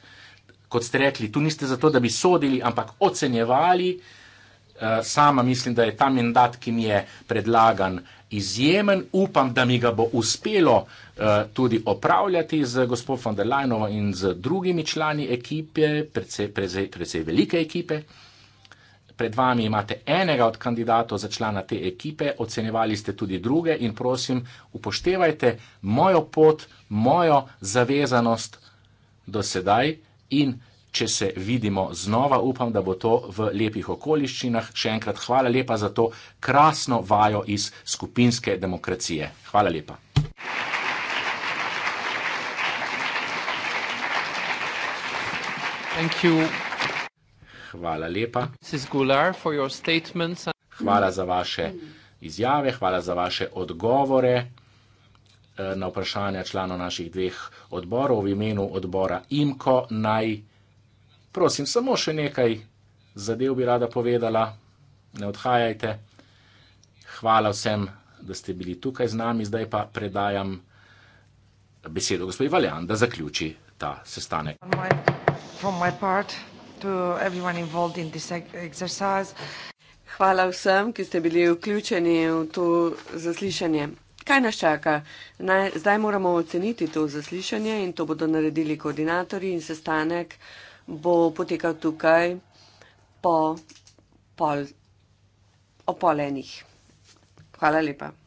kot ste rekli, tu niste zato, da bi sodili, ampak ocenjevali. Eh, sama mislim, da je ta mandat, ki mi je predlagan, izjemen. Upam, da mi ga bo uspelo eh, tudi opravljati z gospodom von der Leinovo in z drugimi člani ekipe, precej, precej, precej velike ekipe pred vami imate enega od kandidatov za člana te ekipe, ocenjevali ste tudi druge in prosim, upoštevajte mojo pot, mojo zavezanost do sedaj in če se vidimo znova, upam, da bo to v lepih okoliščinah. Še enkrat hvala lepa za to krasno vajo iz skupinske demokracije. Hvala lepa. Thank you hvala lepa. Hvala za vaše izjave, hvala za vaše odgovore eh, na vprašanja članov naših dveh odborov v imenu odbora IMKO. Naj, prosim, samo še nekaj zadev bi rada povedala, ne odhajajte. Hvala vsem, da ste bili tukaj z nami, zdaj pa predajam besedo gospodin Valjan, da zaključi ta sestanek. From my, from my to everyone involved in this exercise. Hvala vsem, ki ste bili vključeni v to zaslišanje. Kaj nas čaka? Naj, zdaj moramo oceniti to zaslišanje in to bodo naredili koordinatori in sestanek bo potekal tukaj po pol, o pol enih. Hvala lepa.